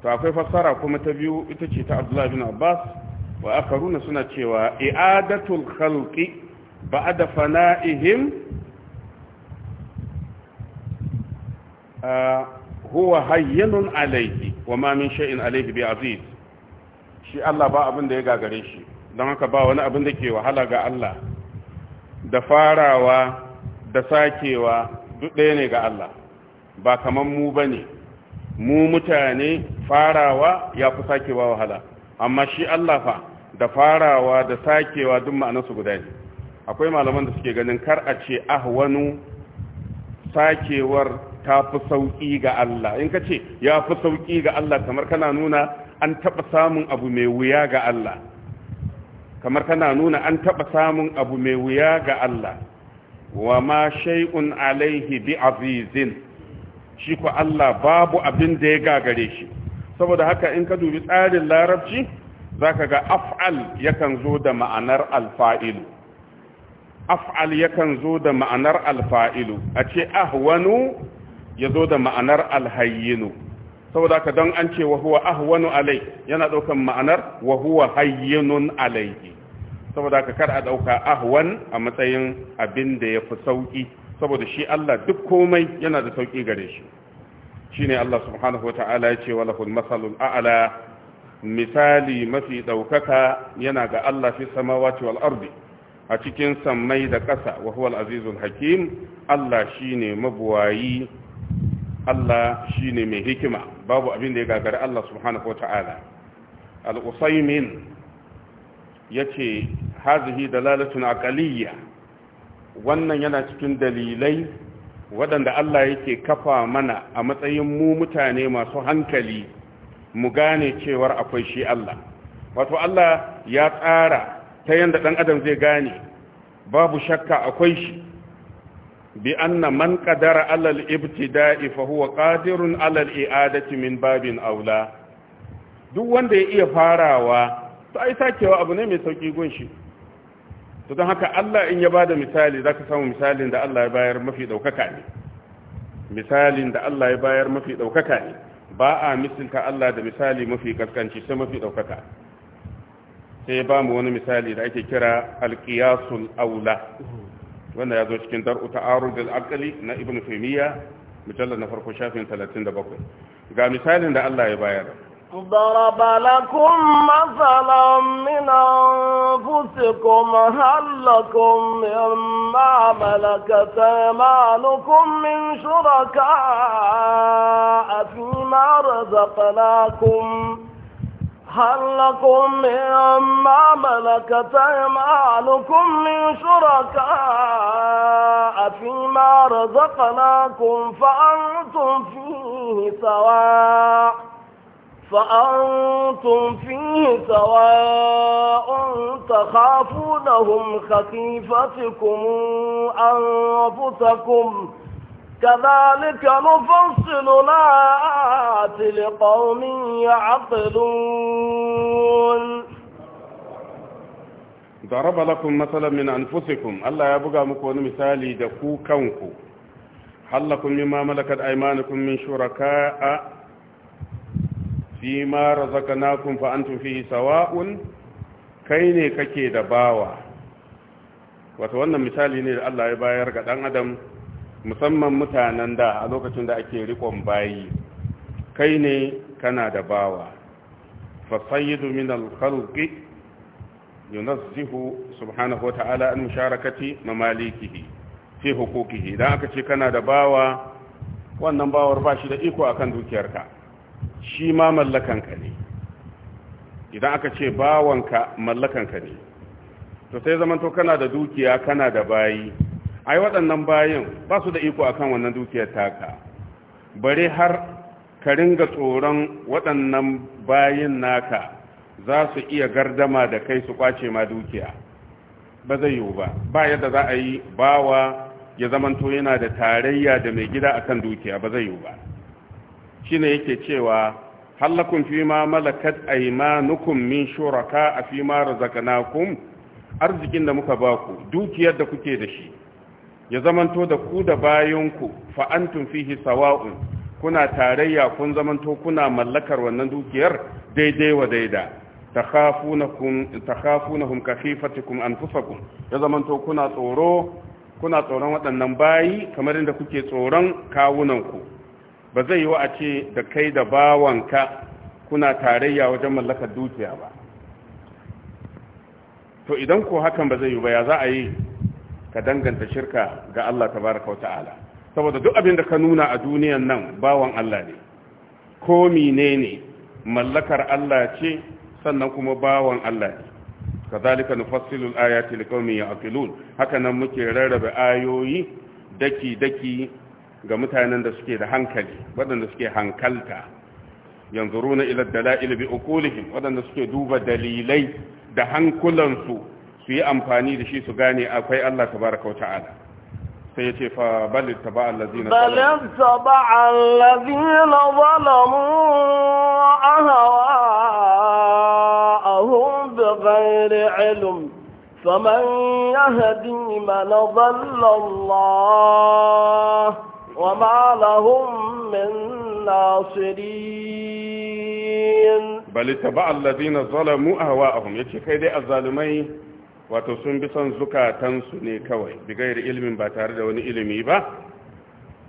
to akwai fassara kuma ta biyu ita ce ta Abdullah bin Abbas wa akaruna suna cewa i'adatul khalqi ba'da fana'ihim huwa hayyinun alaihi wa ma min shay'in alaihi bi aziz shi Allah ba abin da ya gagare shi don haka ba wani abin da ke wahala ga Allah da farawa da sakewa duk ɗaya ne ga Allah ba kaman mu bane mu mutane farawa ya fi sakewa wahala amma shi Allah fa da farawa da sakewa duk su guda ne akwai malaman da suke ganin kar a ce ahwanu sakewar ta fi sauƙi ga Allah in ka ce ya fi sauƙi ga Allah kamar kana nuna an taɓa samun abu mai wuya ga Allah kamar kana nuna an taɓa samun abu mai wuya ga Allah wa ma shay'un alaihi bi azizin shi ko Allah babu abin da ya gagare shi saboda haka in ka dubi tsarin larabci zaka ga af'al yakan zo da ma'anar alfa'ilu af'al yakan zo da ma'anar alfa'ilu a ce ahwanu ya zo da ma'anar alhayyinu saboda ka don an ce wahuwa ahwanu alai yana ɗaukan ma'anar wahuwa hayyinun alaihi saboda ka kar a ɗauka ahwan a matsayin abin da ya fi sauƙi saboda shi Allah duk komai yana da sauƙi gare shi shi ne Allah subhanahu wa ta'ala ya ce walahul masalul a'ala misali mafi ɗaukaka yana ga Allah fi samawati wal ardi a cikin sammai da ƙasa wa huwal azizul hakim Allah shine mabuwayi Allah shi ne mai hikima babu abin da ya gagari Allah subhanahu ta’ala. ya ya ce, hazihi dalalatun aqaliyya wannan yana cikin dalilai waɗanda Allah yake kafa mana a matsayin mu mutane masu hankali mu gane cewar akwai shi Allah wato Allah ya tsara ta yadda ɗan adam zai gane babu shakka akwai shi bi anna man qadara alal ibtida'i fa huwa qadirun alal i'adati min babin aula duk wanda ya iya farawa to ai sakewa abu ne mai sauki gunshi to don haka Allah in ya bada misali zaka samu misalin da Allah ya bayar mafi daukaka ne misalin da Allah ya bayar mafi daukaka ne ba a misalta Allah da misali mafi kaskanci sai mafi daukaka sai ya bamu wani misali da ake kira alqiyasul aula wanda ya zo cikin dar dar'u ta'arudul akali na ibn taymiya mujallal na farko shafin 37 ga misalin da Allah ya bayar ضرب لكم مثلا من أنفسكم هل لكم مما ملكت أيمانكم من شركاء فيما رزقناكم هل لكم مما ملكت أيمانكم من شركاء فيما رزقناكم فأنتم فيه سواء فأنتم فيه سواء تخافونهم خفيفتكم أنفسكم كذلك نفصل الآيات لقوم يعقلون ضرب لكم مثلا من أنفسكم الله يبقى مكون مثالي دكو كونكو هل لكم مما ملكت أيمانكم من شركاء فيما رزقناكم فأنتم فيه سواء كيني ككي دباوة وتوانا مثالي نيل الله يبقى يرقى أن أدم musamman mutanen da a lokacin da ake rikon bayi kai ne kana da bawa fasayidu min alkhalqi yunazzihu subhanahu wa ta'ala an musharakati mamalikihi fi huquqihi Idan aka ce kana da bawa wannan bawar ba shi da iko akan dukiyarka shi ma mallakanka ne idan aka ce bawanka mallakanka ne to sai zamanto kana da dukiya kana da bayi ai waɗannan bayan ba su da iko akan wannan dukiyar taka bare har ka ringa tsoron waɗannan bayan naka za su iya gardama da kai su kwace ma dukiya ba zai yiwu ba ba yadda za a yi bawa ya zamanto yana da tarayya da mai gida akan dukiya ba zai yiwu ba shi shine yake cewa hallakun fi ma malakat aymanukum min shuraka a fi ma razaqnakum arzikin da muka ba ku dukiyar da kuke da shi ya zamanto da ku da bayanku fa antum fihi sawa'un kuna tarayya kun zamanto kuna mallakar wannan dukiyar daidai wa daida takhafunahum takhafunahum kakhifatikum anfusakum ya zamanto kuna tsoro kuna tsoron waɗannan bayi kamar inda kuke tsoron kawunanku ba zai yi wa a ce da kai da bawanka kuna tarayya wajen mallakar dukiya ba to idan ko hakan ba zai yiwu ba ya za a yi ka danganta shirka ga Allah tabaraka wata'ala saboda duk abin da ka nuna a duniyan nan bawan Allah ne ko menene mallakar Allah ce sannan kuma bawan Allah ne kazalika nufassilu al-ayati liqaumin ya'qilun haka nan muke rarrabe ayoyi daki daki ga mutanen da suke da hankali waɗanda suke hankalta yanzuruna ila dalail bi uqulihim waɗanda suke duba dalilai da hankulansu su yi amfani da shi su gane akwai Allah tabaraka wa ta'ala sai ya ce fa balin taba allazina balin taba allazina zalamu ahawa ahum bi ghairi ilm faman yahdi man dhalla Allah wa ma lahum min nasirin bal taba allazina zalamu ahwaahum yace kai dai azzalumai wato sun bi son zukatansu ne kawai bigayar ilimin ba tare da wani ilimi ba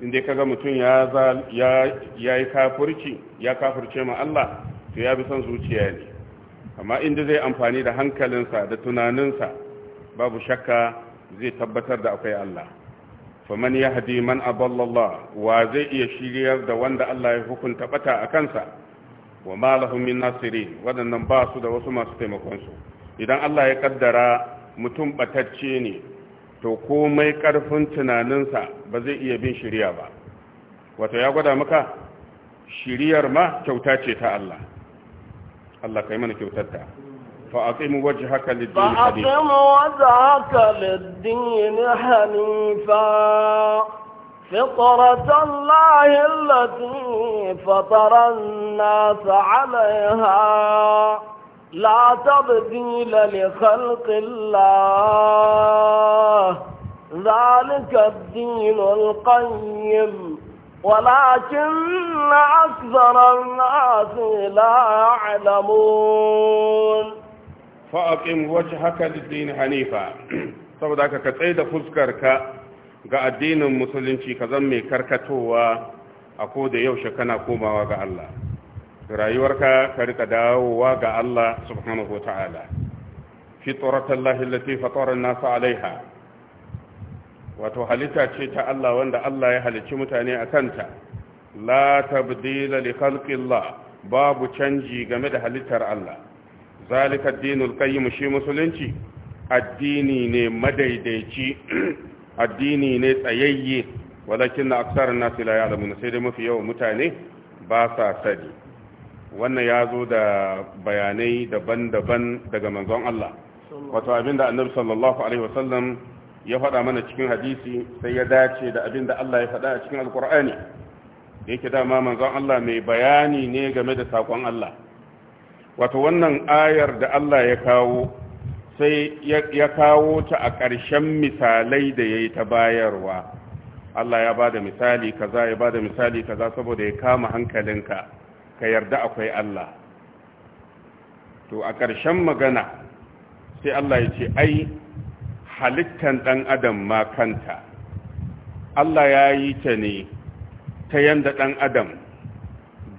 inda kaga mutum ya yi kafurci ya kafurce ma Allah to ya bi son zuciya ne amma inda zai amfani da hankalinsa da tunaninsa babu shakka zai tabbatar da akwai Allah faman ya hadi man aballallah wa zai iya shiryar da wanda Allah ya hukunta bata a kansa wa malahum min nasirin waɗannan ba su da wasu masu taimakonsu idan Allah ya kaddara mutum batacce ne to komai karfin tunaninsa ba zai iya bin shirya ba wato ya gwada maka shiryar ma kyauta ce ta Allah Allah kai mana kyautar ta فأقم وجهك للدين حنيفا فأقم وجهك للدين حنيفا فطرة الله التي فطر الناس عليها لا تبديل لخلق الله ذلك الدين القيم ولكن أكثر الناس لا يعلمون فأقم وجهك للدين حنيفا saboda haka ka tsaye da fuskarka ga addinin musulunci ka zan mai karkatowa a ko da yaushe kana komawa ga Allah rayuwarka ka rika dawowa ga Allah subhanahu wata'ala fitratallahi allati fatara an-nasa alaiha wato halitta ce ta Allah wanda Allah ya halicci mutane a kanta la tabdila li khalqillah babu canji game da halittar Allah zalika dinul qayyim shi musulunci addini ne madaidaici addini ne tsayayye walakin na aksarar nasu la ya'lamuna sai dai mafi yawan mutane ba sa sani wannan ya zo da bayanai daban-daban daga manzon Allah wato abinda annabi sallallahu alaihi wasallam ya faɗa mana cikin hadisi sai ya dace da abinda Allah ya faɗa a cikin alkur'ani da yake dama manzon Allah mai bayani ne game da sakon Allah wato wannan ayar da Allah ya kawo sai ya kawo ta a ƙarshen misalai da ya yi ta bayarwa Allah ya ba da misali kaza ya ba da misali kaza saboda ya kama hankalinka ka yarda akwai Allah to a ƙarshen magana sai Allah ya ce ai halittan ɗan adam ma kanta Allah ya yi ta ne ta yanda ɗan adam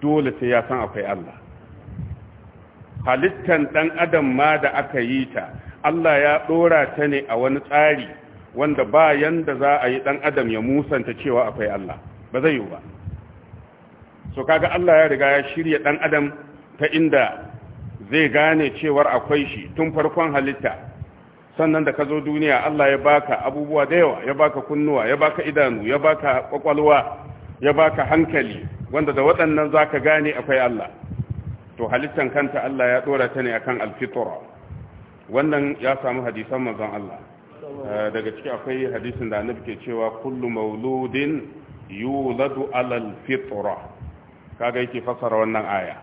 dole sai ya san akwai Allah halittan ɗan adam ma da aka yi ta Allah ya ɗora ta ne a wani tsari wanda ba yanda za a yi ɗan adam ya musanta cewa akwai Allah ba zai yi ba so kaga Allah ya riga ya shirya dan adam ta inda zai gane cewar akwai shi tun farkon halitta sannan da ka zo duniya Allah ya baka abubuwa da yawa ya baka kunnuwa ya baka idanu ya baka kwakwalwa ya baka hankali wanda da waɗannan zaka gane akwai Allah to halittan kanta Allah ya dora ta ne akan alfitra wannan ya samu hadisan manzon Allah eh, daga ciki akwai hadisin da annabi ke cewa kullu mauludin yuladu alal fitra kaga yake fassara wannan aya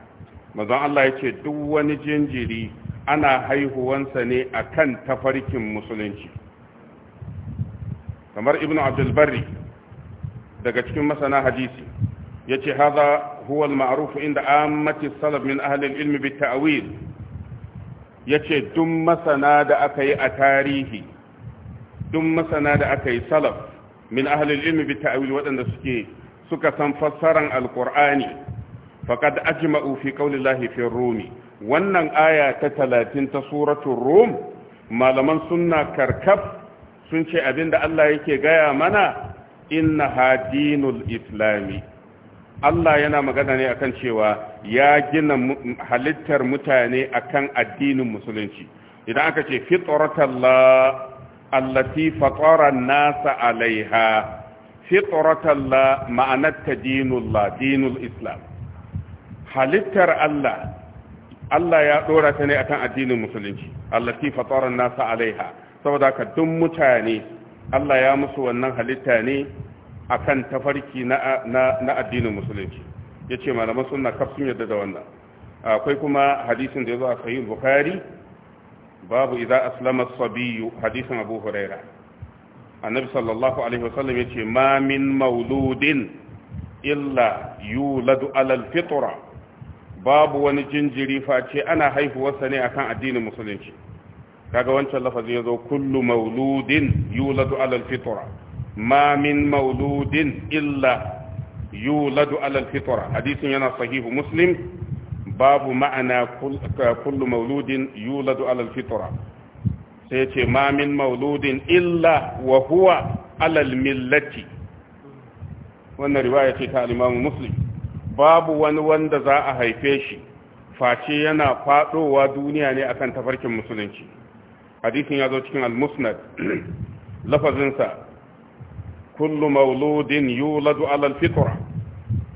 manzon Allah ce duk wani jinjiri ana haihuwansa ne a kan tafarkin musulunci kamar ibnu abdul daga cikin masana hadisi ya ce huwa huwal maruf inda ammati salaf min ahli al-ilm bit-ta'wil yace duk masana da aka yi a tarihi duk masana da aka yi salaf min ahli ilmi bi bit waɗanda wadanda suke suka san fassaran alkur'ani faqad ajma'u fi qaulillahi fi rumi wannan aya ta 30 ta suratul rum malaman sunna karkaf sun ce abinda Allah yake gaya mana inna hadinul islami Allah yana magana ne akan cewa ya gina halittar mutane akan addinin musulunci idan aka ce fitratallah allati fatara nasa alaiha fitratallah ma'anarta dinullah dinul islam halittar Allah Allah ya dora ta ne akan addinin musulunci allati fatara nasa alaiha saboda ka duk mutane Allah ya musu wannan halitta ne akan tafarki na na addinin musulunci yace malaman sunna kaf sun yadda da wannan akwai kuma hadisin da yazo a sahih bukhari babu idza aslama as-sabiyyu hadisin abu hurairah annabi sallallahu alaihi wasallam ya ce ma min mauludin illa yuladu alal fitura babu wani jinjiri face ana haihuwarsa ne akan addinin musulunci kaga wancan lafazin ya zo kullu mauludin yuladu alal fitura ma min mauludin illa yuladu alal fitura hadisin yana sahihu muslim babu ma'ana kullu mauludin yuladu alal fitura. sai ce mamin mauludin illa wa huwa alal millati wannan riwaya ce ta al Muslim babu wani wanda za a haife shi face yana fadowa duniya ne akan tafarkin musulunci hadisin ya zo cikin al-Musnad lafazin sa kullu mauludin yuladu alal fitra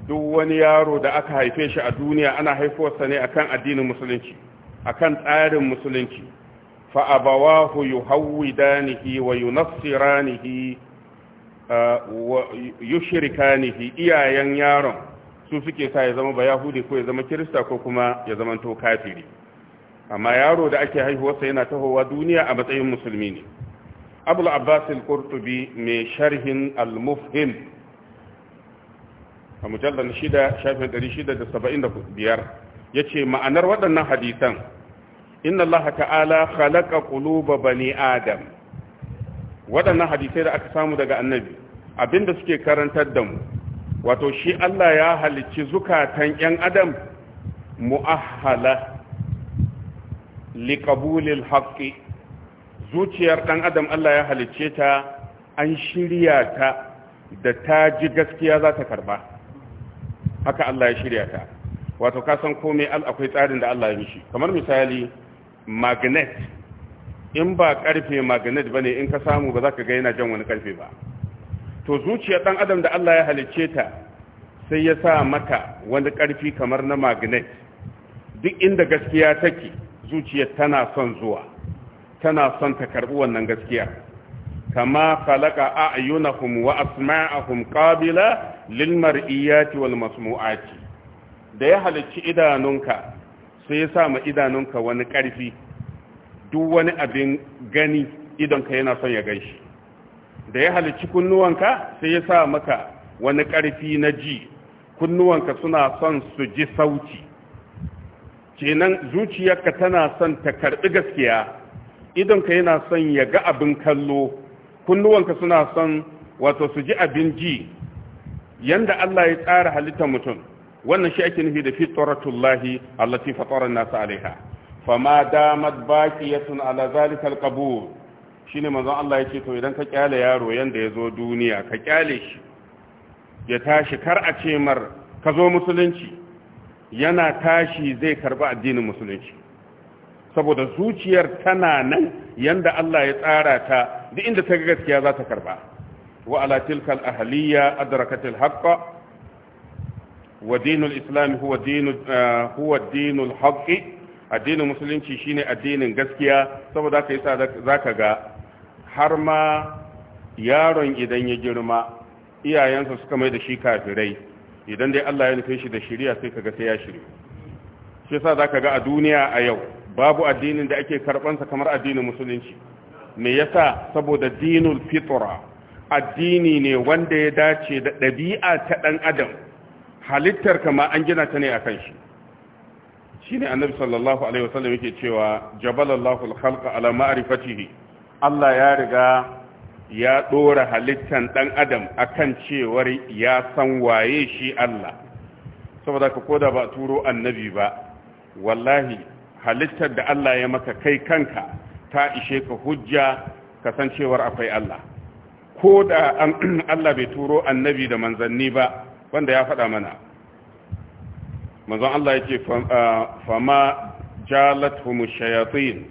duk wani yaro da aka haife shi a duniya ana haifuwarsa ne akan addinin musulunci akan tsarin musulunci fa abawahu yuhawwidanihi wa yunassiranihi wa yushrikanihi iyayen yaron su suke sa ya zama ba yahudi ko ya zama kirista ko kuma ya zama kafiri amma yaro da ake haihuwarsa yana tahowa duniya a matsayin musulmi ne abul abbas qurtubi mai sharhin al-mufhim a mujallar 6 shafin 675 yace ma'anar waɗannan hadisan inna allaha ta'ala khalaqa quluba bani adam waɗannan hadisai da aka samu daga annabi abinda suke karantar da mu wato shi Allah ya halicci zukatan yan adam mu'ahhala liqabulil haqqi zuciyar dan adam Allah ya halicce ta an shirya ta da ta ji gaskiya za ta karba haka Allah ya shirya ta wato ka san komai akwai tsarin da Allah ya mishi kamar misali magnet in ba karfe magnet bane in ka samu ba za ka ga yana jan wani karfe ba to zuciya dan adam da Allah ya halicce ta sai ya sa mata wani karfi kamar na magnet duk inda gaskiya take zuciyar tana son zuwa tana son ta karbi wannan gaskiya kama khalaqa a'yunakum wa asma'akum qabila lil walmasmu'ati da ya halicci idanunka sai ya sa ma idanunka wani ƙarfi duk wani abin gani idonka yana son ya gan shi da ya halicci kunnuwanka sai ya sa maka wani ƙarfi na ji kunnuwanka suna son su ji sauti kenan zuciyarka tana son ta karɓi gaskiya idonka yana son ya ga abin kallo kunnuwanka suna son wato su ji abin ji yanda Allah ya tsara halittar mutum wannan shi ake nufi da fitratullahi allati fatara nas alaiha fama damat baqiyatun ala zalika al shine manzon Allah yake to idan ka kyale yaro yanda yazo duniya ka kyale shi ya tashi kar a ce mar ka zo musulunci yana tashi zai karba addinin musulunci saboda zuciyar tana nan yanda Allah ya tsara ta duk inda ta ga gaskiya za ta karba wa ala tilkal ahliya adrakatil haqqa wa dinul islam huwa dinul eh, huwa dinul addinin musulunci shine addinin gaskiya saboda haka yasa zaka ga har ma yaron idan ya girma iyayensa suka mai da shi kafirai idan dai Allah ya nufe shi da shiriya sai kaga sai ya shiryu shi yasa zaka ga a duniya a yau babu addinin da ake karbansa kamar addinin musulunci me yasa saboda dinul fitra addini ne wanda ya dace da ɗabi'a ta ɗan adam halittar kama an gina ta ne a kan shi shi ne annabi sallallahu alaihi wasallam yake cewa jabalallahu alhalqa ala ma'rifatihi Allah ya riga ya dora halittan dan adam akan cewar ya san waye shi Allah saboda ka koda ba turo annabi ba wallahi halittar da Allah ya maka kai kanka ta ishe ka hujja ka san cewar akwai Allah ko Allah bai turo annabi da manzanni ba wanda ya faɗa mana manzon Allah yake fama jalathum shayatin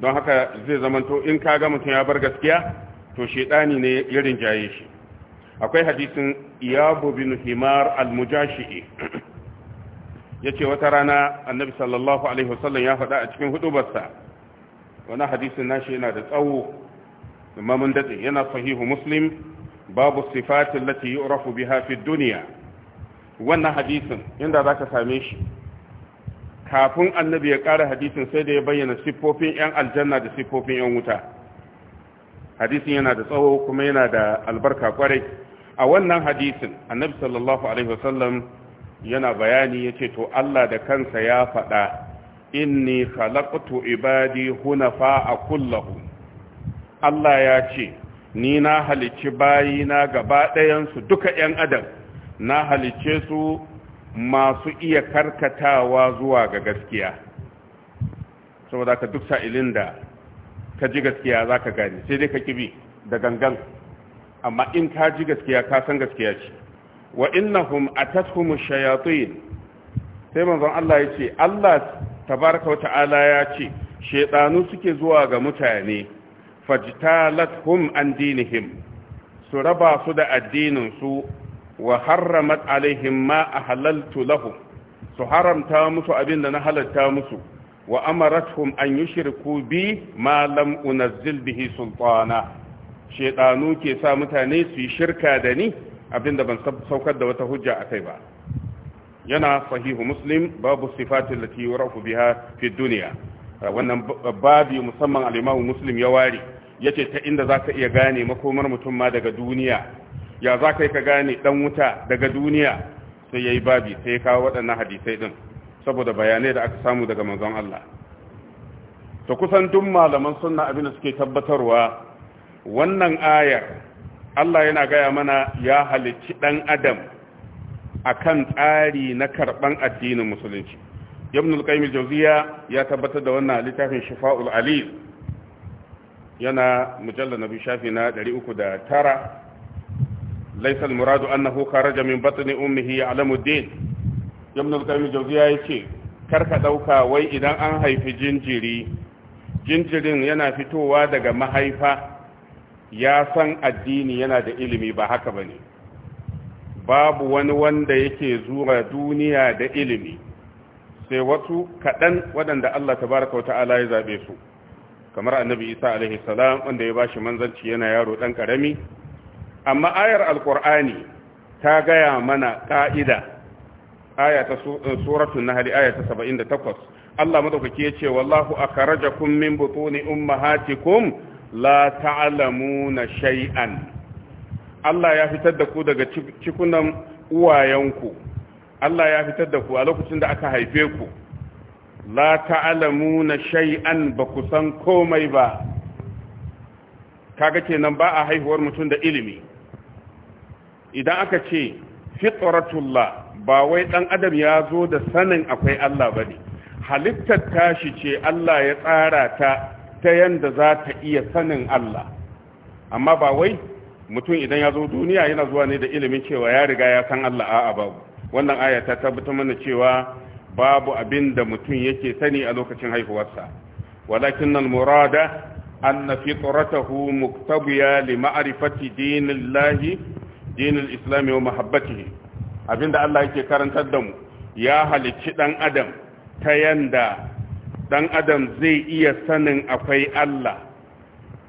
don haka zai zamanto in kaga mutum ya bar gaskiya to shedani ne ya rinjaye shi akwai hadisin iyabu bin himar al-mujashi'i yace wata rana annabi sallallahu alaihi wasallam ya faɗa a cikin hudubarsa wannan hadisin nashi yana da tsawo amma mun dade yana sahihu muslim babu sifatin lati yu'rafu biha fi duniya wannan hadisin inda zaka same shi kafin annabi ya ƙara hadisin sai da ya bayyana siffofin 'yan aljanna da siffofin 'yan wuta hadisin yana da tsawo kuma yana da albarka kwarai a wannan hadisin annabi sallallahu alaihi wasallam yana bayani ya ce to Allah da kansa ya faɗa inni khalaqtu ibadi hunafa a kullahu Allah ya ce ni na halicci bayina gaba ɗayansu duka 'yan adam na halicce su masu iya karkatawa zuwa ga gaskiya saboda ka duk sa'ilin da ka ji gaskiya za ka gane sai dai ka kibi da gangan amma in ka ji gaskiya ka san gaskiya ce wa innahum atathum shayatin sai manzon Allah yace ce Allah tabaraka wa ta'ala ya ce shedanu suke zuwa ga mutane fajtalathum an dinihim su raba su da addinin su wa harramat alaihim ma ahlaltu lahum su haramta musu abinda na halatta musu wa amaratuhum an yushriku bi ma lam unazzil bihi sultana shedanu ke sa mutane su yi shirka da ni abinda ban saukar da wata hujja akai ba yana sahihu muslim babu sifatin lati yurafu biha fi wannan babi musamman al'imamu muslim ya ware ya ce ta inda zaka iya gane makomar mutum ma daga duniya ya za ka gane dan wuta daga duniya sai ya yi babi sai ya kawo waɗannan hadisai ɗin saboda bayanai da aka samu daga manzon Allah ta kusan duk malaman sunna abin da suke tabbatarwa wannan ayar Allah yana gaya mana ya halicci ɗan adam akan tsari na karɓan addinin musulunci ibn al-qayyim jawziya ya tabbatar da wannan littafin shifa'ul alil yana mujallal nabi shafi na 309 laysa al-muradu annahu kharaja min batni ummihi ya'lamu ad-din ibn al-qayyim jawziya yace karka dauka wai idan an haifi jinjiri jinjirin yana fitowa daga mahaifa ya san addini yana da ilimi ba haka bane babu wani wanda yake zuwa duniya da ilimi sai wasu kaɗan waɗanda Allah ta baraka wa ta'ala ya zaɓe su kamar annabi isa alaihi salam wanda ya bashi manzanci yana yaro ɗan ƙarami amma ayar alƙur'ani ta gaya mana ƙa'ida aya ta hali eh, nahl aya ta takwas Allah madaukaki ce wallahu kun min butuni ummahatikum la ta'lamuna shay'an Allah ya fitar da ku daga cikunan uwayenku Allah ya fitar da ku a lokacin da aka haife ku la ta'lamuna shay'an ba ku san komai ba kaga kenan ba a haihuwar mutum da ilimi idan aka ce fitratullah ba wai ɗan adam ya zo da sanin akwai Allah ba bane halittar tashi ce Allah ya tsara ta ta yanda za ta iya sanin Allah amma ba wai mutum idan ya zo duniya yana zuwa ne da ilimin cewa ya riga ya san Allah a'a babu wannan aya ta tabbatar mana cewa babu abin da mutum yake sani a lokacin haihuwarsa walakin nan murada anna fitratahu muktabiya li ma'rifati dinillahi dinil islam wa mahabbatihi abinda Allah yake karantar da mu ya halicci dan adam ta yanda dan adam zai iya sanin akwai Allah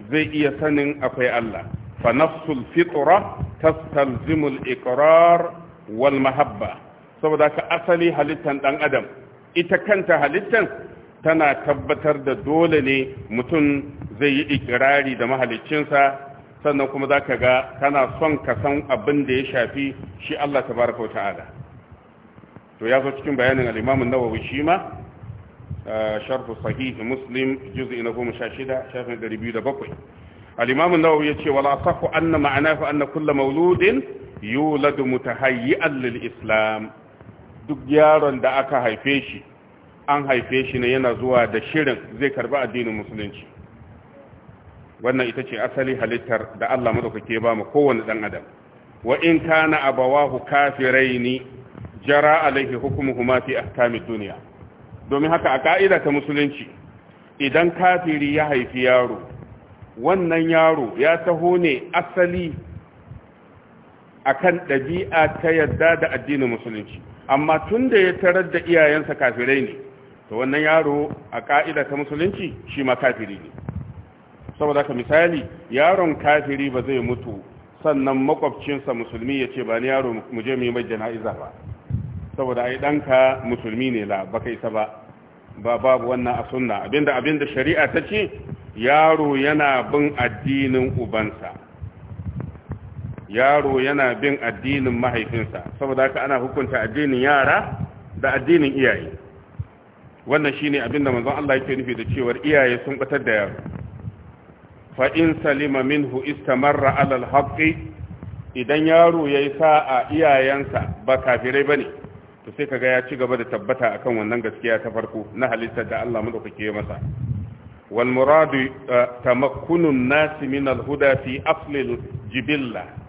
zai iya sanin akwai Allah fa nafsul fitra tastalzimu al-iqrar wal mahabba saboda ka asali halittan dan adam ita kanta halittan tana tabbatar da dole ne mutum zai yi ikirari da mahaliccinsa sannan kuma za ka ga kana son ka san abin da ya shafi shi Allah ta baraka to ya zo cikin bayanin al'imamun nawawi shi ma sharhu muslim juz'i na goma sha shida shafin ɗari biyu da bakwai al'imamun nawawi ya ce wala sahu anna ma'ana fa anna kulla mauludin yuladu mutahayyi'an lil islam duk yaron da aka haife shi an haife shi ne yana zuwa da shirin zai karba addinin musulunci wannan ita ce asali halittar da Allah madaukake ba mu kowane dan adam wa in kana abawahu kafiraini jara alaihi ma fi ahkami dunya domin haka a ka'ida ta musulunci idan kafiri ya haifi yaro wannan yaro ya taho ne asali akan ɗabi'a ta yadda da addinin musulunci amma tun da ya tarar da iyayensa kafirai ne to wannan yaro a ka'ida ta musulunci shi ma kafiri ne saboda ka misali yaron kafiri ba zai mutu sannan makwabcinsa musulmi ya ce ba ni yaro mu je mu yi mai jana'iza ba saboda ai ɗanka musulmi ne la baka isa ba ba babu wannan a sunna abinda abinda shari'a ta ce yaro yana bin addinin ubansa yaro yana bin addinin mahaifinsa saboda haka ana hukunta addinin yara da addinin iyaye wannan shine abin da manzon Allah yake nufi da cewar iyaye sun batar da yaro fa in salima minhu istamarra ala alhaqi idan yaro yayi sa'a iyayensa ba kafirai bane to sai kaga ya ci gaba da tabbata akan wannan gaskiya ta farko na halittar da Allah madaukake masa wal muradu eh, tamakkunu an min al-huda fi asli al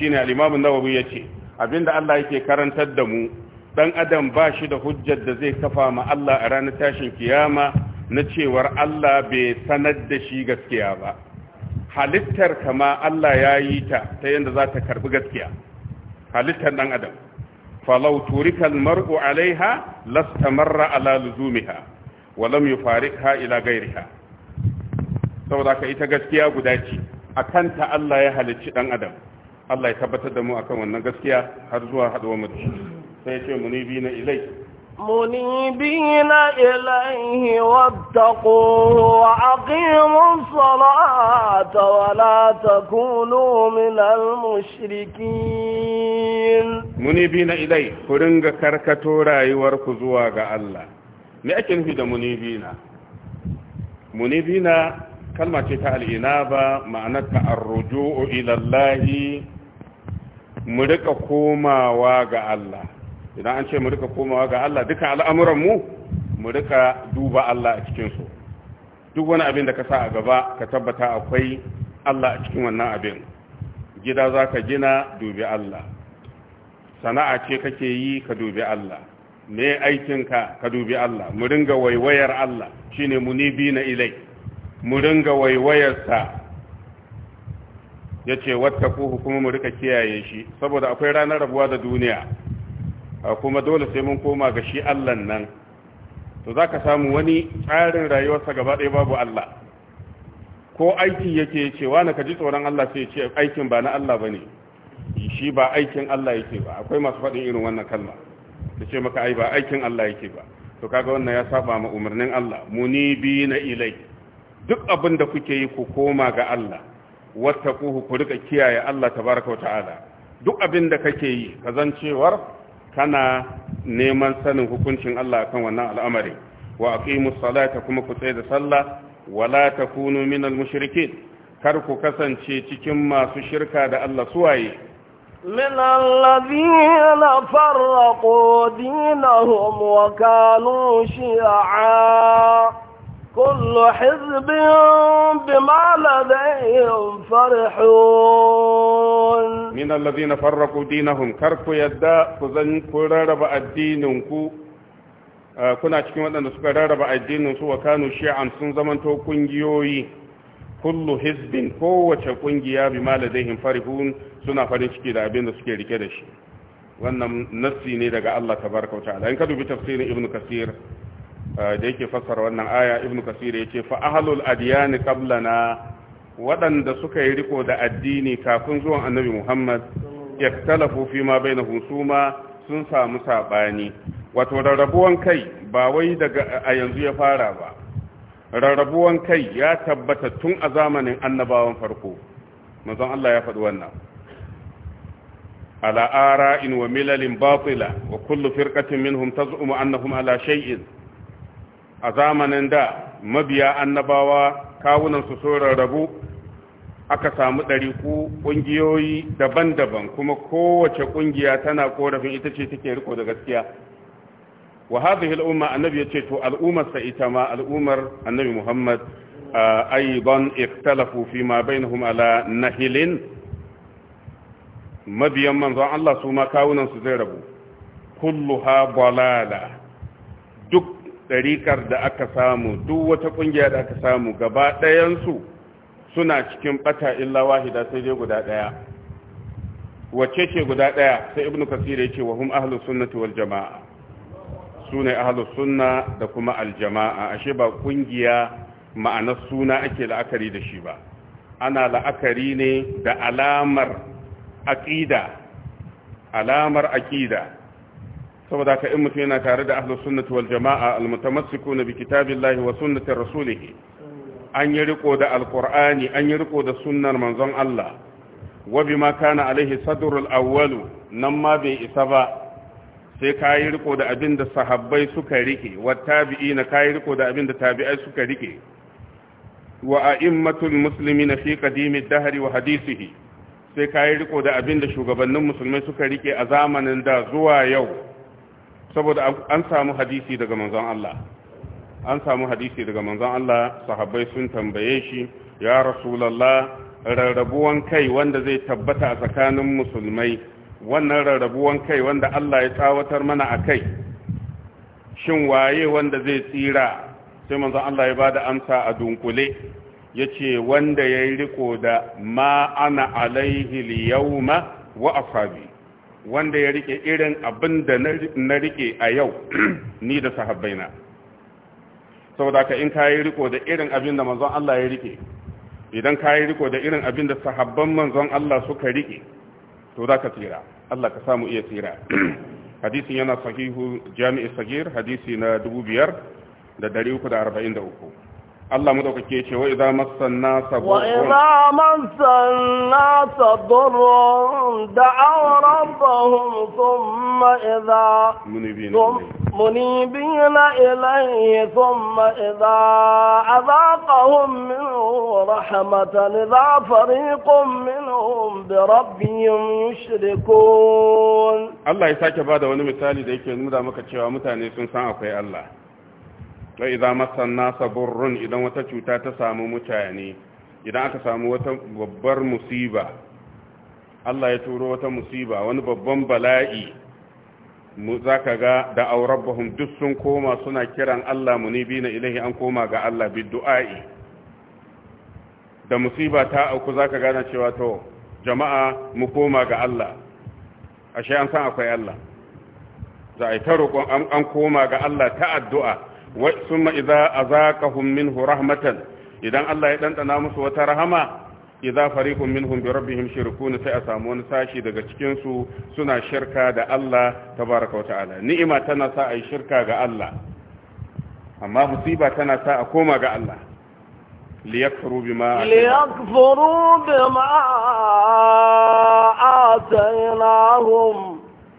shine al-Imam an ya ce abinda Allah yake karantar da mu dan adam ba shi da hujjar da zai kafa ma Allah a ranar tashin kiyama na cewar Allah bai sanar da shi gaskiya ba halittar kama Allah ya yi ta ta yadda za ta karbi gaskiya halittar dan adam falau turika almar'u alaiha lastamarra ala luzumiha wa lam yufarikha ila ghairiha saboda ka ita gaskiya guda ce a kanta Allah ya halicci dan adam Allah ya tabbatar da mu akan wannan gaskiya har zuwa haduwar mu sai ce munibi na ilai munibi na ilaihi wattaqu wa aqimu ssalata wa la takunu min al mushrikin munibi na ilai ku ringa karkato rayuwar ku zuwa ga Allah me ake nufi da munibi na munibi na kalma ce ta al-inaba ma'anar ta ar-ruju'u ila Allah mu rika komawa ga Allah idan an ce mu rika komawa ga Allah duka al'amuran mu mu rika duba Allah a cikinsu duk wani abin da ka sa a gaba ka tabbata akwai Allah a cikin wannan abin gida za ka gina dubi Allah sana'a ce kake yi ka dubi Allah me aikinka ka dubi Allah mu ringa waiwayar Allah shine munibi na ilai mu ringa waiwayarsa yace ko kuma mu rika kiyaye shi saboda akwai ranar rabuwa da duniya kuma dole sai mun koma ga shi Allah nan to zaka samu wani tsarin rayuwarsa gaba ɗaya babu Allah ko aiki yake cewa na kaji tsoron Allah sai ce aikin ba na Allah bane shi ba aikin Allah yake ba akwai masu faɗin irin wannan kalma da ce maka ai ba aikin Allah yake ba to kaga wannan ya saba ma umarnin Allah bi muni na ilai duk abin da kuke yi ku koma ga Allah wattaquhu ku rika kiyaye Allah ta wata ala duk abin da kake yi kazancewar kana neman sanin hukuncin Allah kan wannan al'amari wa aqimus salata kuma ku tsaya da sallah wala takunu minal mushrikin kar ku kasance cikin masu shirka da Allah suwaye من الذين فرقوا دينهم وكانوا شيعا كل حزب بما لديهم فرحون من الذين فرقوا دينهم كركوا يدا kuna cikin waɗanda suka rarraba addinin su wa kanu shi'an sun zamanto kungiyoyi kullu hizbin kowace kungiya bi ma farihun suna farin ciki da abin da suke rike da shi wannan nassi ne daga Allah tabaraka wa ta'ala in ka dubi tafsirin ibnu kasir Eh, da yake fassara wannan aya ibn kasir ya ce fa ahlul adyani qablana waɗanda suka yi riko da addini kafin zuwan annabi muhammad yaktalafu fi ma bainahum suma sun samu sabani wato rarrabuwan kai ba wai daga a yanzu ya fara ba rarrabuwan kai ya tabbata tun a zamanin annabawan farko manzon Allah ya faɗi wannan ala in wa milalin batila wa kullu firqatin minhum taz'umu annahum ala shay'in a zamanin da mabiya annabawa kawunansu sun rabu aka samu ku ƙungiyoyi daban-daban kuma kowace ƙungiya tana korafin ita ce take riko da gaskiya wa hadhihi al-umma annabi ce to al'ummar ita ma al'ummar annabi Muhammad aidan ikhtalafu fi ma bainahum ala nahilin mabiyan manzon Allah su ma kawunan su zai rabu kulluha balala duk Ɗarikar da aka samu duk wata ƙungiya da aka samu gaba ɗayansu suna cikin ɓata illa wahida sai dai guda ɗaya wacce ce guda ɗaya sai ibnu kasir ya ce wa hum ahlus sunnati wal jama'a su ne ahlus sunna da kuma aljama'a ashe ba ƙungiya ma'anar suna ake la'akari da shi ba ana la'akari ne da alamar aƙida alamar aƙida saboda ka in mutum yana tare da ahlus sunnati wal jama'a na bi kitabillahi wa sunnati rasulih an yi riko da alqur'ani an yi riko da sunnar manzon Allah wa bima kana alaihi sadrul awwalu nan ma bai isa ba sai ka yi riko da abin da sahabbai suka rike wa tabi'ina ka yi riko da abin da tabi'ai suka rike wa a'immatul muslimina fi qadimid dahri wa hadisihi sai ka yi riko da abin da shugabannin musulmai suka rike a zamanin da zuwa yau saboda an samu hadisi daga manzon Allah an samu hadisi daga manzon Allah sahabbai sun tambaye shi ya rasulullah rarrabuwan kai wanda zai tabbata a tsakanin musulmai wannan rarrabuwan kai wanda Allah ya tsawatar mana a kai shin waye wanda zai tsira sai manzon Allah ya bada amsa a dunkule yace wanda yayi riko da ma ana alaihi al-yawma wa ashabi wanda ya rike irin abin da na rike a yau ni da sahabbaina saboda ka in ka yi riko da irin abin da manzon Allah ya rike idan ka yi riko da irin abin da sahabban manzon Allah suka rike to za ka tsira Allah ka samu iya tsira hadisin yana sahihu jami'i sagir hadisi na 2343 Allah madaukake ya ce wa idza massan nasa wa idza massan nasa durrun da'aw rabbahum thumma idza munibina ilayhi thumma idza adaqahum minhu rahmatan idza fariqun minhum bi rabbihim yushrikun Allah ya sake bada wani misali da yake nuna maka cewa mutane sun san akwai Allah wa idza masan nasa burrun idan wata cuta ta samu mutane idan aka samu wata babbar musiba Allah ya turo wata musiba wani babban bala'i mu zaka ga da aurabbahum duk sun koma suna kiran Allah munibina ilahi an koma ga Allah bi du'a'i da musiba ta auku zaka gana cewa to jama'a mu koma ga Allah ashe an san akwai Allah za a yi ta roƙon an koma ga Allah ta addu'a summa idza azaqahum minhu rahmatan idan Allah ya ɗanɗana musu wata rahama idza fariqun minhum bi rabbihim shirkun sai a samu wani sashi daga cikin su suna shirka da Allah baraka wata ta'ala ni'ima tana sa ai shirka ga Allah amma musiba tana sa a koma ga Allah liyakfuru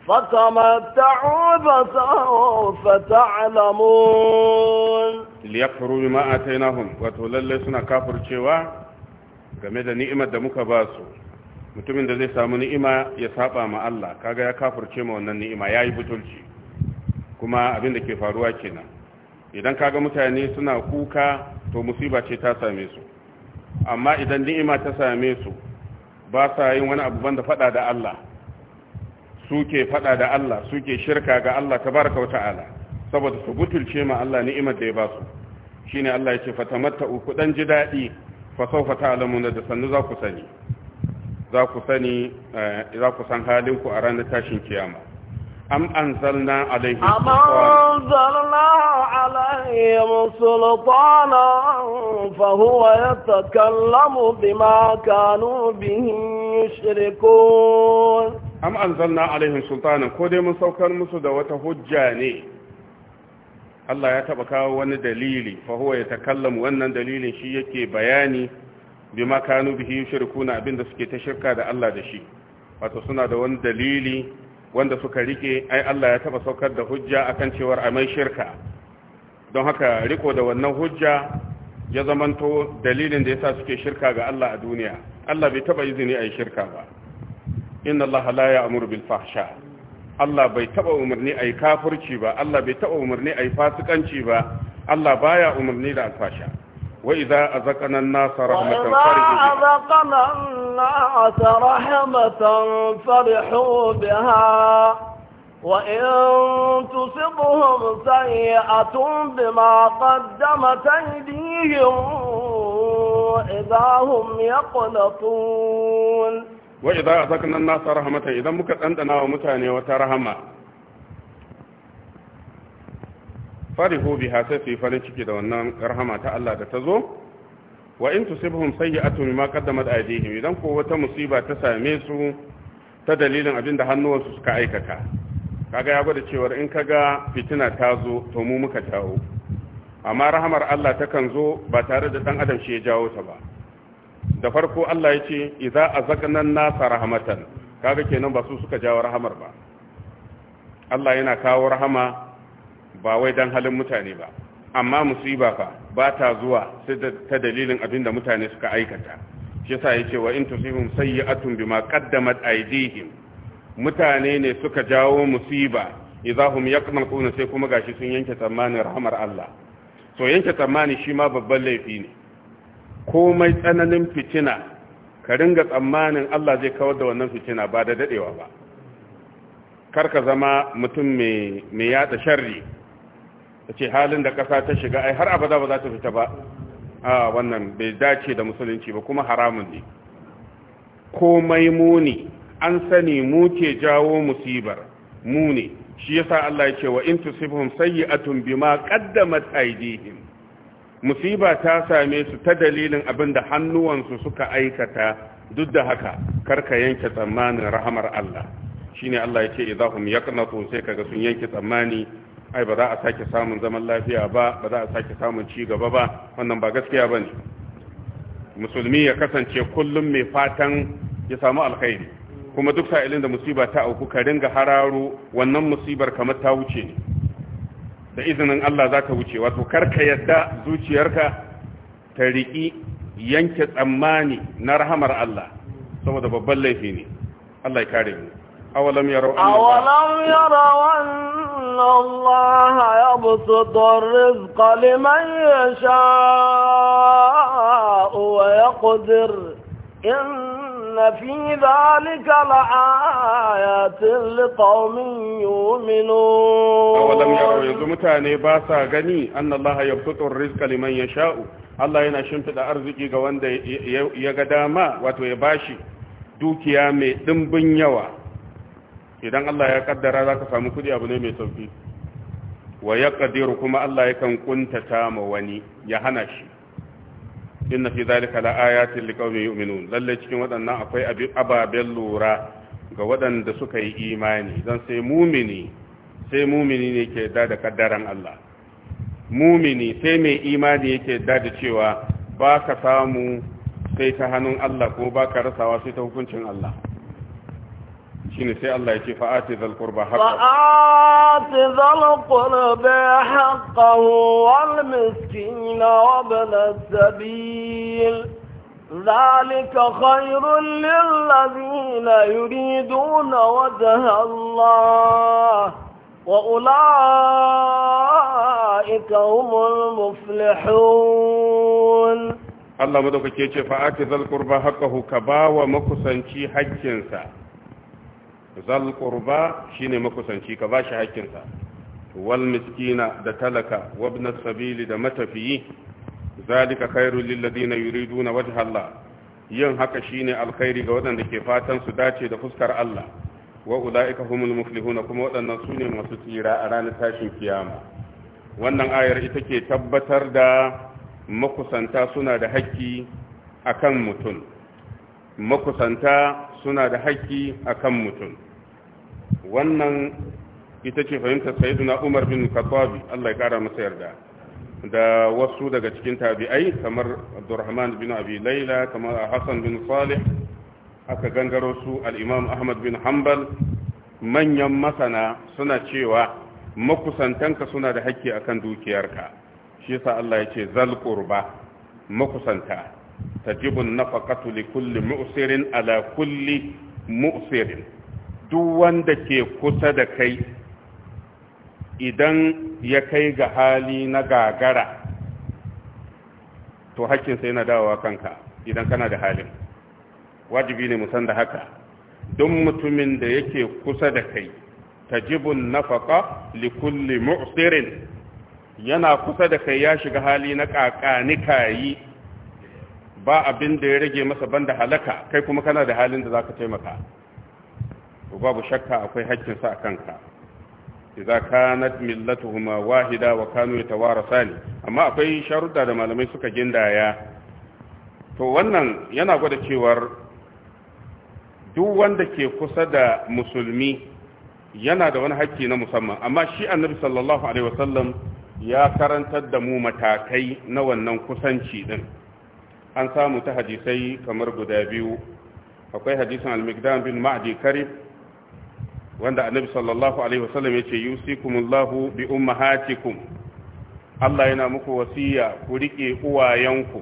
فتمتعوا فسوف تعلمون ليكفروا بما آتيناهم وتولى سنا كافر شيوا game da ni'imar da muka ba su mutumin da zai samu ni'ima ya saba ma Allah kaga ya kafirce ma wannan ni'ima yayi butulci kuma abin da ke faruwa kenan idan kaga mutane suna kuka to musiba ce ta same su amma idan ni'ima ta same su ba sa yin wani abu banda fada da Allah suke fada da Allah suke shirka ga Allah tabaraka wa ta'ala saboda su butulce ma Allah ni'imar da ya ba su shine Allah ya ce fatamatta'u ku dan ji dadi fa sawfa ta'lamuna da sannu za ku sani za ku sani eh, za ku san halin ku a ranar tashin kiyama am anzalna alaihim am anzalna alaihim sultana fa huwa yatakallamu bima kanu bihi yushrikun am anzalna alaihim sultanan ko dai mun saukar musu da wata hujja ne Allah ya taba kawo wani dalili fa huwa yatakallamu wannan dalilin shi yake bayani bima kanu bihi yushrikuna abinda suke ta shirka da Allah da shi wato suna da wani dalili wanda suka rike ai Allah ya taba saukar da hujja akan cewar mai shirka don haka riko da wannan hujja ya zamanto dalilin da yasa suke shirka ga Allah a duniya Allah bai taba izini a yi shirka ba inna Allah la ya'muru bil fahsha Allah bai taba umarni ai kafirci ba Allah bai taba umarni ai fasikanci ba Allah baya umarni da alfasha وإذا أذقنا wa رحمة فرحوا بها أذقنا الناس رحمة فرحوا بها وإن تصبهم سيئة بما قدمت أيديهم إذا هم يقنطون wa idza azaqna an-nasa rahmatan idan muka dandana wa mutane wata rahama farihu biha sai su farin ciki da wannan rahama ta Allah da ta zo wa in tusibhum sayyi'atun bima qaddamat aydihim idan ko wata musiba ta same su ta dalilin abin da hannuwansu suka aikata kaga ya gwada cewar in kaga fitina ta zo to mu muka tawo amma rahamar Allah takan zo ba tare da dan adam shi ya jawo ta ba da farko Allah ya ce idza azaqnan nasa rahmatan kaga kenan ba su suka jawo rahamar ba Allah yana kawo rahama ba wai dan halin mutane ba amma musiba fa ba ta zuwa sai ta dalilin abin da mutane suka aikata shi yasa yake wa in tusibum sayyi'atun bima qaddamat aydihim mutane ne suka jawo musiba idza hum yaqnaquna sai kuma gashi sun yanke tsammanin rahamar Allah so yanke tsammani shi ma babban laifi ne komai tsananin fitina ka ringa tsammanin Allah zai kawar da wannan fitina ba da dadewa ba kar ka zama mutum mai yada sharri ta ce halin da ƙasa ta shiga ai har abada ba za ta fita ba a wannan bai dace da musulunci ba kuma haramun ne komai muni an sani mu ke jawo musibar muni shi yasa Allah ya ce wa in tusibhum sayyi'atun bima qaddamat aydihim musiba ta same su ta dalilin abin da hannuwansu suka aikata duk da haka karka yanke tsammanin rahamar Allah shine Allah ya ce idahum yaqnatu sai kaga sun yanke tsammani ai ba za a sake samun zaman lafiya ba ba za a sake samun ci gaba ba wannan ba gaskiya bane musulmi ya kasance kullum mai fatan ya samu alkhairi kuma duk sa'ilin da musiba ta auku ka ringa hararo wannan musibar kamar ta wuce ne da izinin Allah za ka wuce wato karka yadda zuciyarka ta riƙi yanke tsammani na rahamar Allah saboda babban laifi ne Allah ya kare mu awalam yarau awalam yarau anna Allah yabsutu liman yasha wa yaqdir إن في ذلك لآيات لقوم يؤمنون أولم يروا يزمتاني باسا غني أن الله يبسط الرزق لمن يشاء Allah yana shimfiɗa arziki ga wanda ya ga dama wato ya bashi dukiya mai ɗimbin yawa idan Allah ya ƙaddara za ka samu kuɗi abu ne mai sauki wa ya kuma Allah yakan kuntata ma wani ya hana shi inna fi zalika la ayatin liqaumin yu'minun lalle cikin waɗannan akwai ababen lura ga waɗanda suka yi imani dan sai mumini sai mumini ne ke da da kaddaran Allah mumini sai mai imani yake da da cewa baka samu sai ta hannun Allah ko baka rasawa sai ta hukuncin Allah شنو سي الله يجي فآتي ذا القربى حقه فآتي ذا القربى حقه والمسكين وابن السبيل ذلك خير للذين يريدون وجه الله وأولئك هم المفلحون الله مدوك تشي فآتي ذا القربى حقه كبا ومكسنشي حجنسا zal shi shine makusanci ka bashi hakkinsa wal miskina da talaka wabna sabili da matafiyi zalika khairul na ladina yuriduna wajha Allah yin haka shine alkhairi ga waɗanda ke fatan su dace da fuskar Allah wa ulaika humul muflihuna kuma waɗannan ne masu tsira a ranar tashin kiyama wannan ayar ita ke tabbatar da makusanta suna da haƙƙi akan mutum makusanta suna da haƙƙi akan mutum wannan ita ce fahimtar na Umar bin Khattabi Allah ya kara masa yarda da wasu daga cikin tabi'ai kamar Abdurrahman bin Abi laila kamar Hassan bin Salih aka gangaro su al Ahmad bin hambal manyan masana suna cewa makusantanka suna da haƙƙi akan dukiyarka shi yasa Allah ya ce zal makusanta tajibun nafaqatu li kulli mu'sirin ala kulli mu'sirin duk wanda ke kusa da kai idan ya kai ga hali na gagara to yana dawowa kanka idan kana da halin wajibi ne musan da haka don mutumin da yake kusa da kai tajibun nafaka likulli mu'sirin yana kusa da kai ya shiga hali na kakani ba abin da ya rage masa banda halaka kai kuma kana da halin da za ka taimaka babu shakka akwai haƙƙinsa a kanka idza kanat millatuhuma wahida wa kanu yatawarasani amma akwai sharuda da malamai suka gindaya to wannan yana gwada cewar duk wanda ke kusa da musulmi yana da wani haƙƙi na musamman amma shi annabi sallallahu alaihi wasallam ya karantar da mu matakai na wannan kusanci din an samu ta hadisai kamar guda biyu akwai hadisan al-mikdam bin ma'di karib wanda annabi sallallahu alaihi wasallam yace yusikumullahu bi ummahatikum Allah yana muku wasiya ku rike uwayenku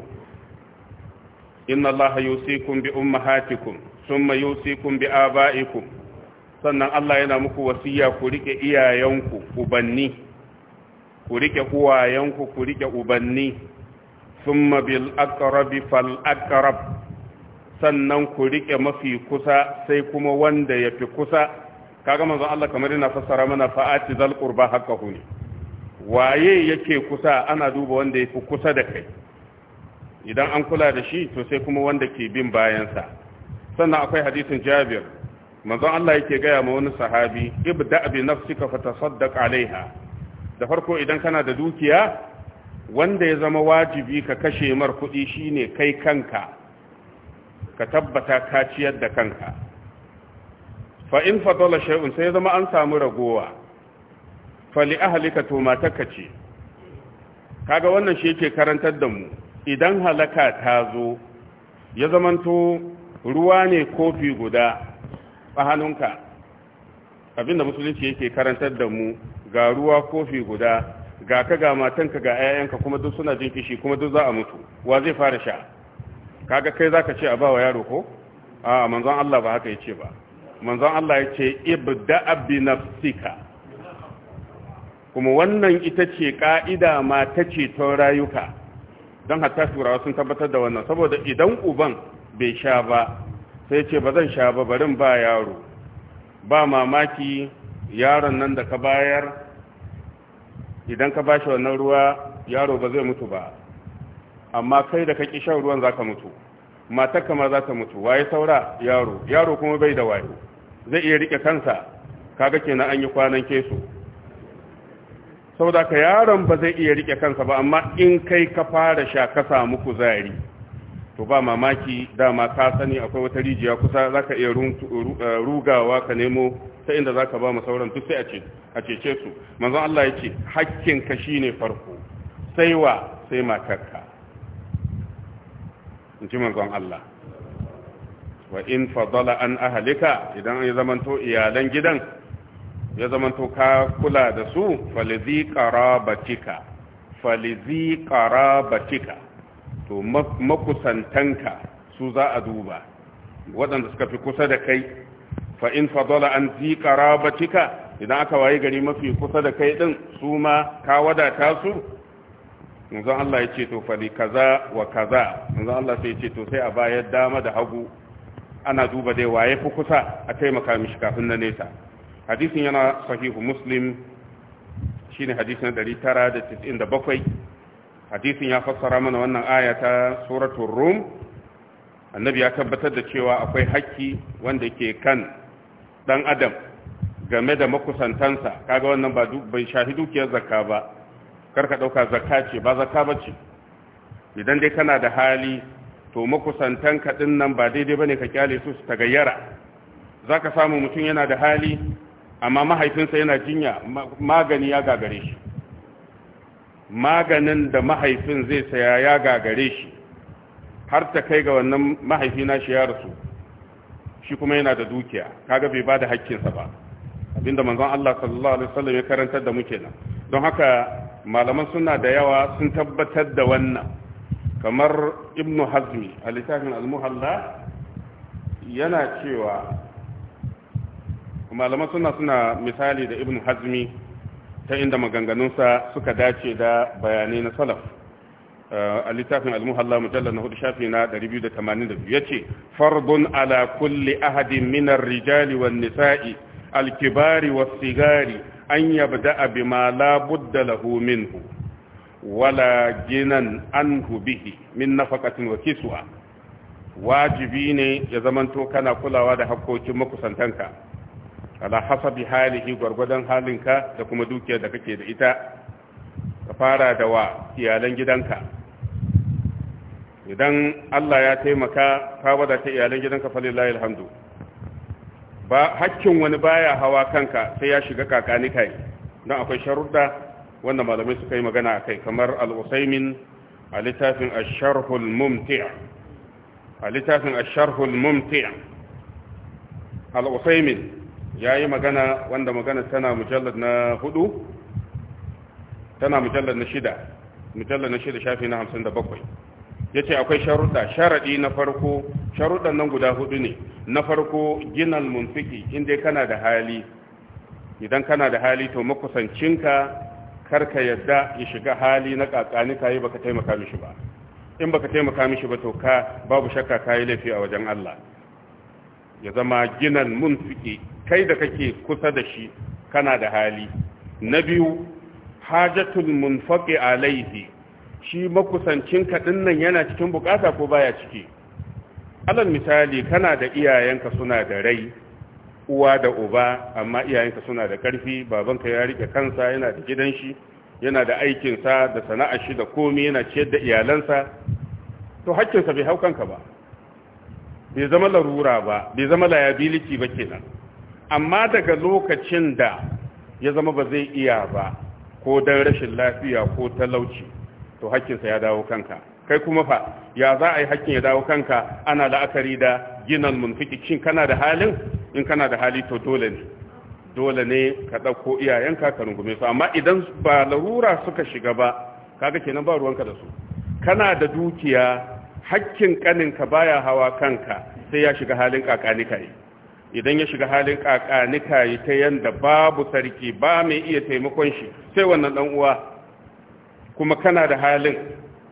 innallaha yusikum bi ummahatikum thumma yusikum bi abaikum sannan Allah yana muku wasiya ku rike iyayenku ubanni ku rike uwayenku ku rike ubanni thumma bil aqrabi fal sannan ku rike mafi kusa sai kuma wanda yafi kusa kaga manzo Allah kamar yana fassara mana fa'ati zal qurba haqqahu ne waye yake kusa ana duba wanda yafi kusa da kai idan an kula da shi to sai kuma wanda ke bin bayansa sannan akwai hadisin Jabir manzon Allah yake gaya ma wani sahabi ibda bi nafsika fatasaddaq alaiha da farko idan kana da dukiya wanda ya zama wajibi ka kashe mar kuɗi shine kai kanka ka tabbata ka ciyar da kanka fa in fadala shay'un sai zama an samu ragowa fa fali ahlika to matarka ce kaga wannan shi yake karantar da mu idan halaka ta zo ya zamanto ruwa ne kofi guda a hannunka abinda musulunci yake karantar da mu ga ruwa kofi guda ga ka ga matanka ga 'ya'yanka kuma duk suna jin kishi kuma duk za a mutu wa zai fara sha kaga kai zaka ce a ba wa yaro ko a manzon Allah ba haka yace ba manzon Allah yace ibda bi nafsika kuma wannan ita ce ka'ida ma ta rayuka don hatta turawa sun tabbatar da wannan saboda idan uban bai sha ba sai ce ba zan sha ba barin ba yaro ba mamaki yaron nan da ka bayar idan ka bashi wannan ruwa yaro ba zai mutu ba amma kai da kake shan ruwan zaka mutu matar kamar za ta mutu waye saura yaro yaro kuma bai da wayo zai iya rike kansa kaga kenan an yi kwanan keso? saboda ka yaron ba zai iya rike kansa ba amma in kai ka fara sha ka samu kuzari to ba mamaki dama ka sani akwai wata rijiya kusa za ka iya eh, rugawa ka nemo ta inda za ka ba mu sauran duk sai a cece su manzon Allah ya ce hakkinka shi ne farko sai wa sai matarka in ji manzon Allah wa in fadala an ahalika idan ya zamanto iyalan gidan ya zamanto ka kula da su falizi qarabatika falizi qarabatika to makusantanka su za a duba waɗanda suka fi kusa da kai fa in dole an zi cika, idan aka waye gari mafi kusa da kai ɗin su ma ka wadata su manzo Allah ya ce to fari kaza wa kaza manzo Allah sai ce to sai a bayar dama da hagu ana duba dai waye fi kusa a taimaka mishi kafin na nesa hadisin yana sahihu muslim shine hadisin 997 hadisin ya fassara mana wannan aya ta suratul rum annabi ya tabbatar da cewa akwai hakki wanda ke kan ɗan adam game da makusantansa kaga wannan ba bai shahi dukiyar zakka ba karka dauka zakka ce ba zakka ba ce. idan dai kana da hali to makusantan din nan ba daidai bane ka kyale su su tagayyara zaka samu mutum yana da hali amma mahaifinsa yana jinya magani ya gagare shi maganin da mahaifin zai saya ya gagare shi har ta kai ga wannan mahaifina shi ya rasu shi kuma yana da dukiya kaga bai bada da haƙƙinsa ba abinda manzon Allah sallallahu alaihi wasallam ya karantar da mu kenan don haka malaman suna da yawa sun tabbatar da wannan kamar ibn hazmi a littafin al-muhalla yana cewa malaman suna suna misali da ibnu hazmi ta inda maganganunsa suka dace da bayanai na salaf eh, a littafin al-muhalla mujallar na hudu shafi na 282 yace fardun ala kulli ahadin min ar-rijali wan nisa'i alkibari wa sigari an yabda'a bima la budda lahu minhu wala ginan anhu bihi min nafaqatin wa kiswa wajibi ne ya zamanto kana kulawa da hakkokin makusantanka ala hasabi halihi gwargwadon halinka da kuma dukiyar da kake da ita ka fara da wa iyalan gidanka idan Allah ya taimaka ka wadata iyalan gidanka falillahi alhamdu ba hakkin wani baya hawa kanka sai ya shiga kakani kai don akwai sharuɗa wanda malamai suka yi magana a kai kamar al a littafin asharhul mumti' a littafin asharhul ya yi magana wanda magana tana mujallar na hudu tana mujallar na shida mujallar na shida shafi na hamsin da bakwai ya ce akwai sharuɗa sharaɗi na farko sharuɗan nan guda hudu ne na farko ginal munfiki inda kana da hali idan kana da hali to makusancinka karka yadda ya shiga hali na yi ba baka taimaka mishi ba in baka taimaka mishi ba to ka babu shakka ka yi laifi a wajen Allah ya zama ginan munfiki kai da kake kusa da shi kana da hali na biyu hajatul munfaqi alaihi shi makusancin ka dinnan yana cikin bukata ko baya ciki alal misali kana da iyayenka suna da rai uwa da uba amma iyayenka suna da karfi babanka ya rike kansa yana da gidan shi yana da aikin sa da sana'ar shi da komai yana ciyar da iyalansa to hakkinsa bai hau kanka ba bai zama larura ba bai zama liability ba kenan amma daga lokacin da ya zama ba zai iya ba ko don rashin lafiya ko talauci to hakkinsa ya dawo kanka kai kuma fa ya za a yi hakkin ya dawo kanka ana la'akari da ginan munfiki shin kana da halin in kana da hali to dole ne dole ne ka ɗauko iyayenka ka rungume su amma idan ba larura suka shiga ba kaga kenan ba ruwanka da su kana da dukiya hakkin kaninka baya hawa kanka sai ya shiga halin kakani yi. idan ya shiga halin ni yi ta yanda babu sarki ba mai iya taimakon shi sai wannan dan uwa kuma kana da halin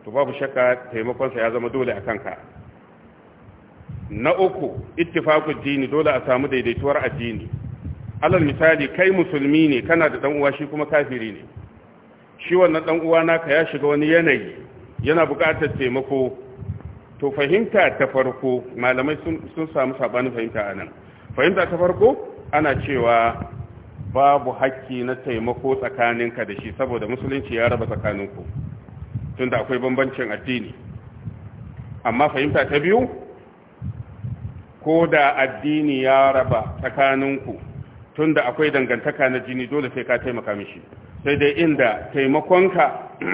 to babu shakka taimakonsa ya zama dole a kanka na uku ittifaqud dini dole a samu daidaituwar addini alal misali kai musulmi ne kana da dan uwa shi kuma kafiri ne shi wannan dan uwa naka ya shiga wani yanayi yana buƙatar taimako to fahimta ta farko malamai sun samu sabanin fahimta anan fahimta ta farko ana cewa babu hakki na taimako tsakaninka da shi saboda musulunci ya raba tsakaninku tunda akwai bambancin addini amma fahimta ta biyu ko da addini ya raba tsakaninku tunda akwai dangantaka na jini dole sai ka taimaka mishi sai dai inda taimakonka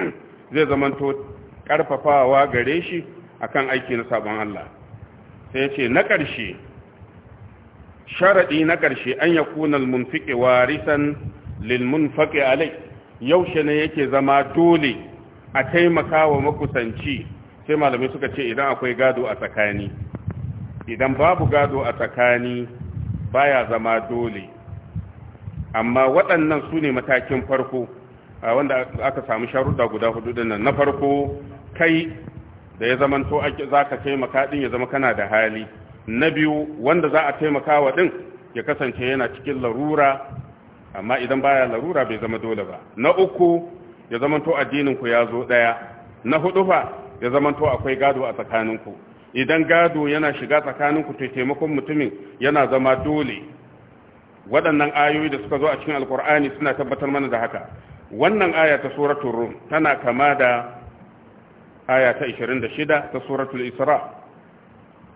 zai zamanto karfafawa gare shi akan aiki na sabon Allah sai ce na ƙarshe sharaɗi na ƙarshe an ya kunal munfiƙi warisan lilmunfaƙe alai yaushe ne yake zama dole a taimaka wa makusanci sai malamai suka ce idan akwai gado a tsakani idan babu gado a tsakani baya zama dole amma waɗannan su ne matakin farko a wanda aka samu sharuɗa guda hudu dinnan na farko kai da ya zamanto za ka taimaka ɗin ya zama kana da hali na biyu wanda za a taimaka wa ɗin ya kasance yana cikin larura amma idan baya larura bai zama dole ba na uku ya zamanto addininku ya zo ɗaya na hudu fa ya zamanto akwai gado a tsakaninku idan gado yana shiga tsakaninku to taimakon mutumin yana zama dole waɗannan ayoyi da suka zo a cikin alkur'ani suna tabbatar mana da haka wannan aya ta suratul rum tana kama da aya ta 26 ta suratul isra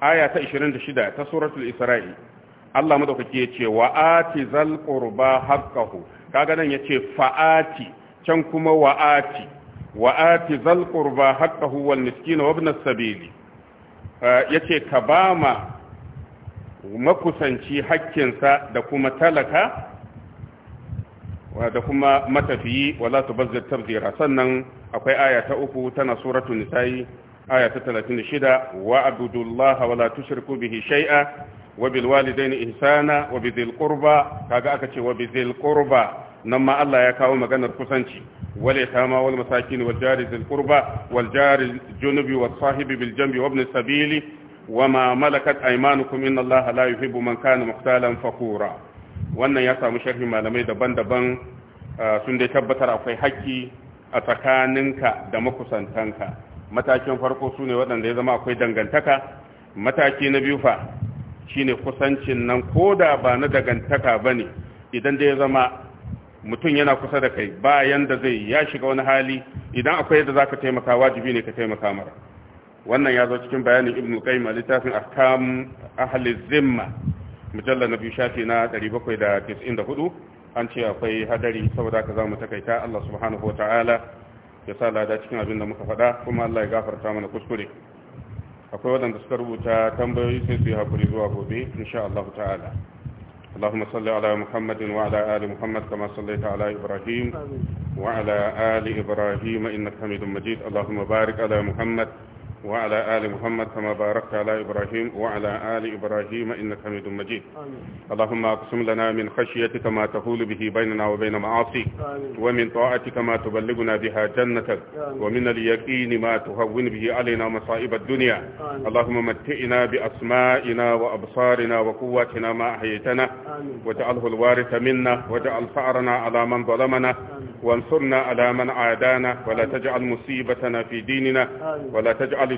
aya ta 26 ta suratul isra'i Allah madaukake yace wa ati zal qurba haqqahu kaga nan yace fa'ati can kuma wa ati wa ati zal qurba haqqahu wal miskin wa ibn as-sabil eh, yace ka bama makusanci sa da kuma talaka da kuma matafiyi wala tubazzir tabdira sannan akwai aya ta uku tana suratul nisa'i aya ta 36 wa abudullaha wala tushriku bihi shay'a wa bil walidayni ihsana wa bidhil qurba kaga aka ce wa bidhil qurba nan ma Allah ya kawo maganar kusanci wal yatama wal masakin wal jari dhil qurba wal jari junubi was sahibi bil jambi wa ibn sabili wa ma malakat aymanukum inna Allah la yuhibbu man kana muhtalan fakura wannan ya samu sharhin malamai daban-daban ah, sun dai tabbatar akwai haƙƙi a tsakaninka da makusantanka matakin farko su ne waɗanda ya zama akwai dangantaka mataki na biyu fa shine kusancin nan ko da ba na dangantaka ba ne idan da ya zama mutum yana kusa da kai bayan da zai ya shiga wani hali idan akwai yadda za ka taimaka wajibi ne ka taimaka mara wannan ya zo cikin bayanin ibn qayyim a littafin ahkam ahli zimma mujalla na biyu shafi na hudu an ce akwai hadari saboda ka za mu takaita Allah subhanahu wa ta'ala ya sa lada cikin abin da muka faɗa kuma Allah ya gafarta mana kuskure akwai waɗanda suka rubuta tambayoyi sai su yi haƙuri zuwa gobe insha Allah ta'ala اللهم صل على محمد وعلى آل محمد كما صليت على إبراهيم وعلى آل إبراهيم إنك حميد مجيد اللهم بارك على محمد وعلى آل محمد كما باركت على إبراهيم وعلى آل إبراهيم إنك حميد مجيد آمين. اللهم اقسم لنا من خشيتك ما تحول به بيننا وبين معاصيك ومن طاعتك ما تبلغنا بها جنتك آمين. ومن اليقين ما تهون به علينا مصائب الدنيا آمين. اللهم متئنا بأسمائنا وأبصارنا وقواتنا ما أحييتنا واجعله الوارث منا واجعل فأرنا على من ظلمنا وانصرنا على من عادانا ولا تجعل مصيبتنا في ديننا ولا تجعل